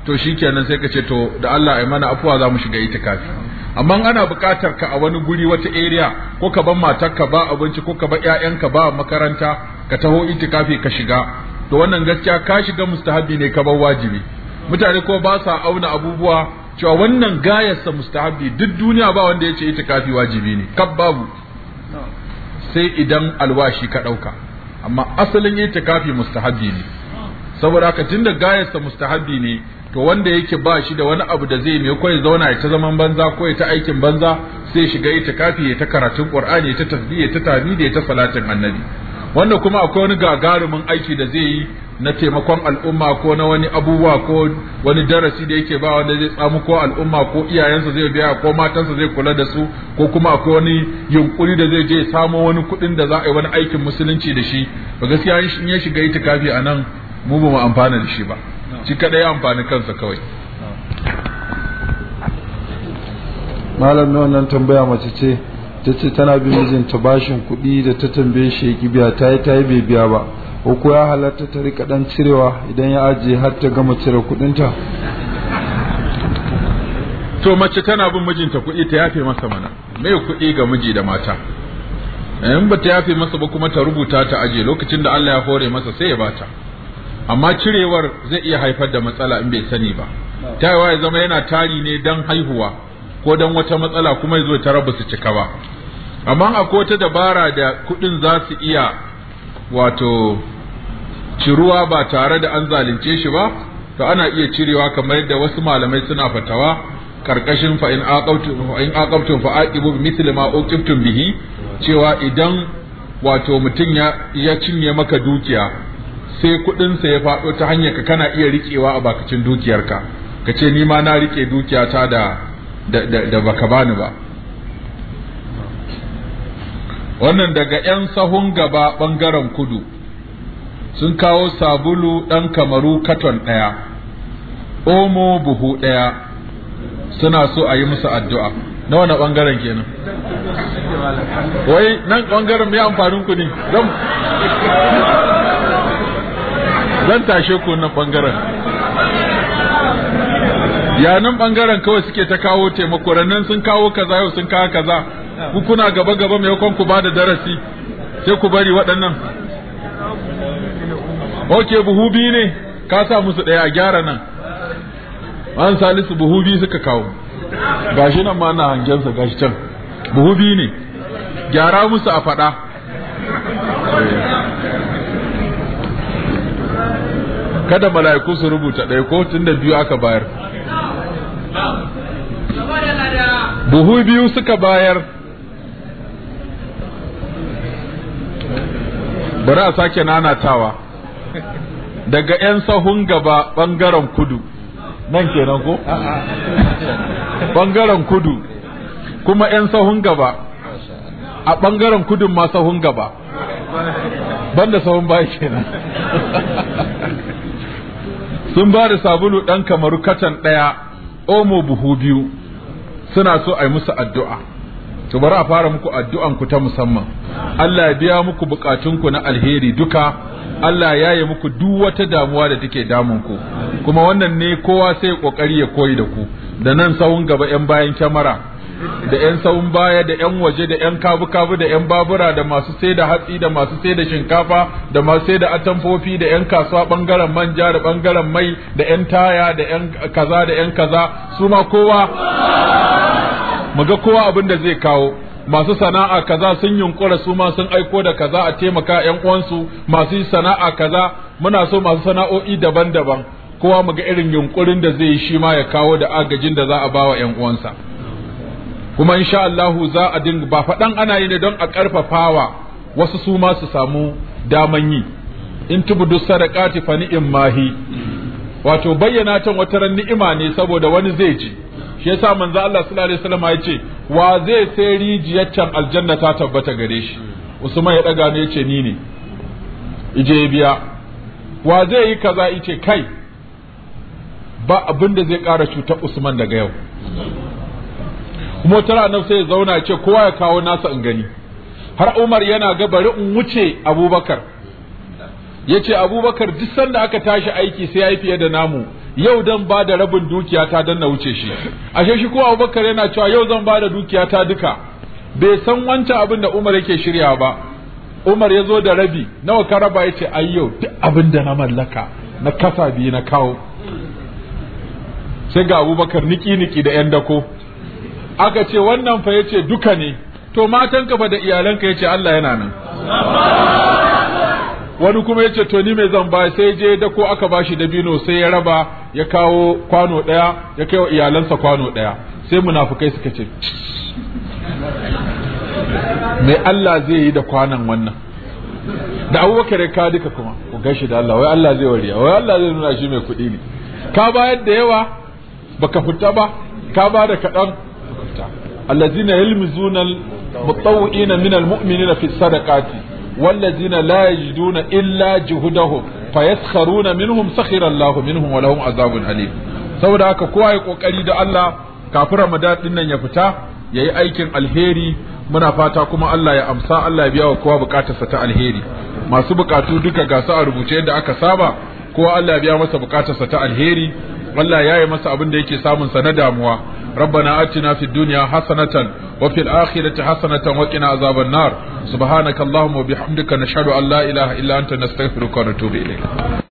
to shi kenan sai ka ce to da Allah ya mana afuwa za mu shiga itikafi amma ana buƙatar ka a wani guri wata area ko ka bar matarka ba abinci ko ka bar ƴaƴanka ba makaranta ka taho itikafi ka shiga to wannan gaskiya ka shiga mustahabbi ne ka bar wajibi mutane ko ba sa auna abubuwa cewa wannan gayarsa mustahabbi duk duniya ba wanda ya ce kafi wajibi ne kab babu sai idan alwashi ka ɗauka amma asalin ita kafi mustahabbi ne saboda haka da gayarsa mustahabbi ne to wanda yake ba shi da wani abu da zai mai kawai zauna ya ta zaman banza ko ya ta aikin banza sai shiga itikafi ya ta karatun qur'ani ya ta tasbih ya ta da ya ta salatin annabi Wannan kuma akwai wani gagarumin aiki da zai yi na taimakon al'umma ko na wani abubuwa ko wani darasi da yake ba wanda zai tsamu ko al'umma ko iyayensa zai biya ko matansa zai kula da su ko kuma akwai wani yunkuri da zai je samo wani kuɗin da za a yi wani aikin musulunci da shi ba gaskiya in ya shiga ita kafi a nan mu ba mu amfana da shi ba shi kadai amfani kansa kawai malam na wannan tambaya mace ce ta ce tana bin mijinta bashin kuɗi da ta tambaye shi ya kibiya ta yi ta yi bai biya ba ko ya halatta ta rika ɗan cirewa idan ya ajiye har ta gama cire kuɗinta to mace tana bin mijinta kuɗi ta yafe masa mana mai kuɗi ga miji da mata in ba ta yafe masa ba kuma ta rubuta ta aje lokacin da Allah ya hore masa sai ya bata amma cirewar zai iya haifar da matsala in bai sani ba tayawa ya zama yana tari ne dan haihuwa ko dan wata matsala kuma ya zo ta rabu su cika ba amma akwai wata dabara da kuɗin za su iya wato ciruwa ba tare da an zalunce shi ba to ana iya cirewa kamar yadda wasu malamai suna fatawa karkashin fa in aqabtum fa in aqibu bi ma uqibtum bihi cewa idan wato mutum ya ya cinye maka dukiya sai kudin sa ya fado ta hanyar ka kana iya rikewa a bakacin dukiyarka kace ni ma na rike dukiyata da da baka bani ba wannan daga 'yan sahun gaba ɓangaren kudu sun kawo sabulu ɗan kamaru katon ɗaya omo buhu ɗaya suna so a yi musu addu'a na wani ɓangaren kenan wai nan ɓangaren mai amfanin ku ne zan tashe ku nan ɓangaren ya nan bangaren kawai suke ta kawo taimako rannan sun kawo kaza yau sun kawo kaza ku kuna gaba gaba mai kon ku bada darasi sai ku bari waɗannan oke buhu biyu ne ka sa musu ɗaya a gyara nan an salisu buhu biyu suka kawo gashi nan ma na hangensa gashi can buhu biyu ne gyara musu a faɗa kada mala'iku su rubuta ɗaya ko tun da biyu aka bayar buhu biyu suka bayar bari a sake nanatawa daga 'yan sahun gaba ɓangaren kudu nan kenan ko? ɓangaren kudu kuma 'yan sahun gaba a ɓangaren kudun ma sahun gaba banda sahun baya kenan sun ba da sabulu ɗan kamaru katan ɗaya omo buhu biyu suna so a yi musu addu'a to bari a fara muku addu'an ku ta musamman Allah ya biya muku bukatunku na alheri duka Allah ya yi muku duk wata damuwa da take damun ku kuma wannan ne kowa sai kokari ya koyi da ku da nan sahun gaba yan bayan kyamara da ƴan saun baya da ƴan waje da ƴan kabu-kabu da ƴan babura da masu sai da hatsi da masu sai da shinkafa da masu sai da atamfofi da ƴan kasuwa bangaren manja da bangaren mai da ƴan taya da ƴan kaza da ƴan kaza su ma kowa ga kowa abin da zai kawo masu sana'a kaza sun yunkura su ma sun aiko da kaza a taimaka ƴan uwansu masu sana'a kaza muna so masu sana'o'i daban-daban kowa mu ga irin yunkurin da zai yi shi ma ya kawo da agajin da za a bawa ƴan uwansa kuma insha Allahu za a dinga ba faɗan ana yi ne don a ƙarfafawa wasu su ma su samu daman yi in tubudu sadaqati fa ni'im mahi wato bayyana tan wata ran ni'ima ne saboda wani zai ji shi yasa manzo Allah sallallahu alaihi wasallam ya ce wa zai sai rijiyar can aljanna ta tabbata gare shi Usman ya daga ne ya ce ni ne ije biya wa zai yi kaza ice kai ba abin zai kara cutar Usman daga yau kuma wata ranar sai ya zauna ya ce kowa ya kawo nasa in gani har Umar yana ga bari in wuce Abubakar yace Abubakar duk sanda aka tashi aiki sai yayi fiye da namu yau dan ba da rabin dukiya ta dan na wuce shi ashe shi ko Abubakar yana cewa yau zan ba da dukiya ta duka bai san wancan abin da Umar yake shirya ba Umar ya zo da rabi nawa ka raba yace ai yau duk abin da na mallaka na kasa biyu na kawo sai ga Abubakar niki niki da yan dako aka ce wannan fa yace duka ne to matan ka fa da iyalanka yace Allah yana nan wani kuma yace to ni me zan ba sai je da ko aka bashi dabino sai ya raba ya kawo kwano daya ya kai wa iyalansa kwano daya sai munafukai suka ce me Allah zai yi da kwanan wannan da abubakar ka duka kuma ku gashi da Allah wai Allah zai wariya wai Allah zai nuna shi mai kuɗi ne ka bayar da yawa baka fita ba ka ba da kaɗan allazina yalmizuna mutawwi'ina min almu'minina fi sadaqati wallazina la yajiduna illa juhudahum fayaskharuna minhum sakhira Allah minhum wa lahum azabun saboda haka kowa ya kokari da Allah kafin Ramadan din nan ya fita yayi aikin alheri muna fata kuma Allah ya amsa Allah ya biya wa kowa bukatarsa ta alheri masu bukatu duka ga su a rubuce yadda aka saba kowa Allah ya biya masa bukatarsa ta alheri Allah ya yi masa abin da yake samun sa na damuwa rabbana atina fid dunya hasanatan wa fil akhirati hasanatan wa qina azaban nar subhanakallahumma wa bihamdika nashhadu an la ilaha illa anta nastaghfiruka wa natubu ilayk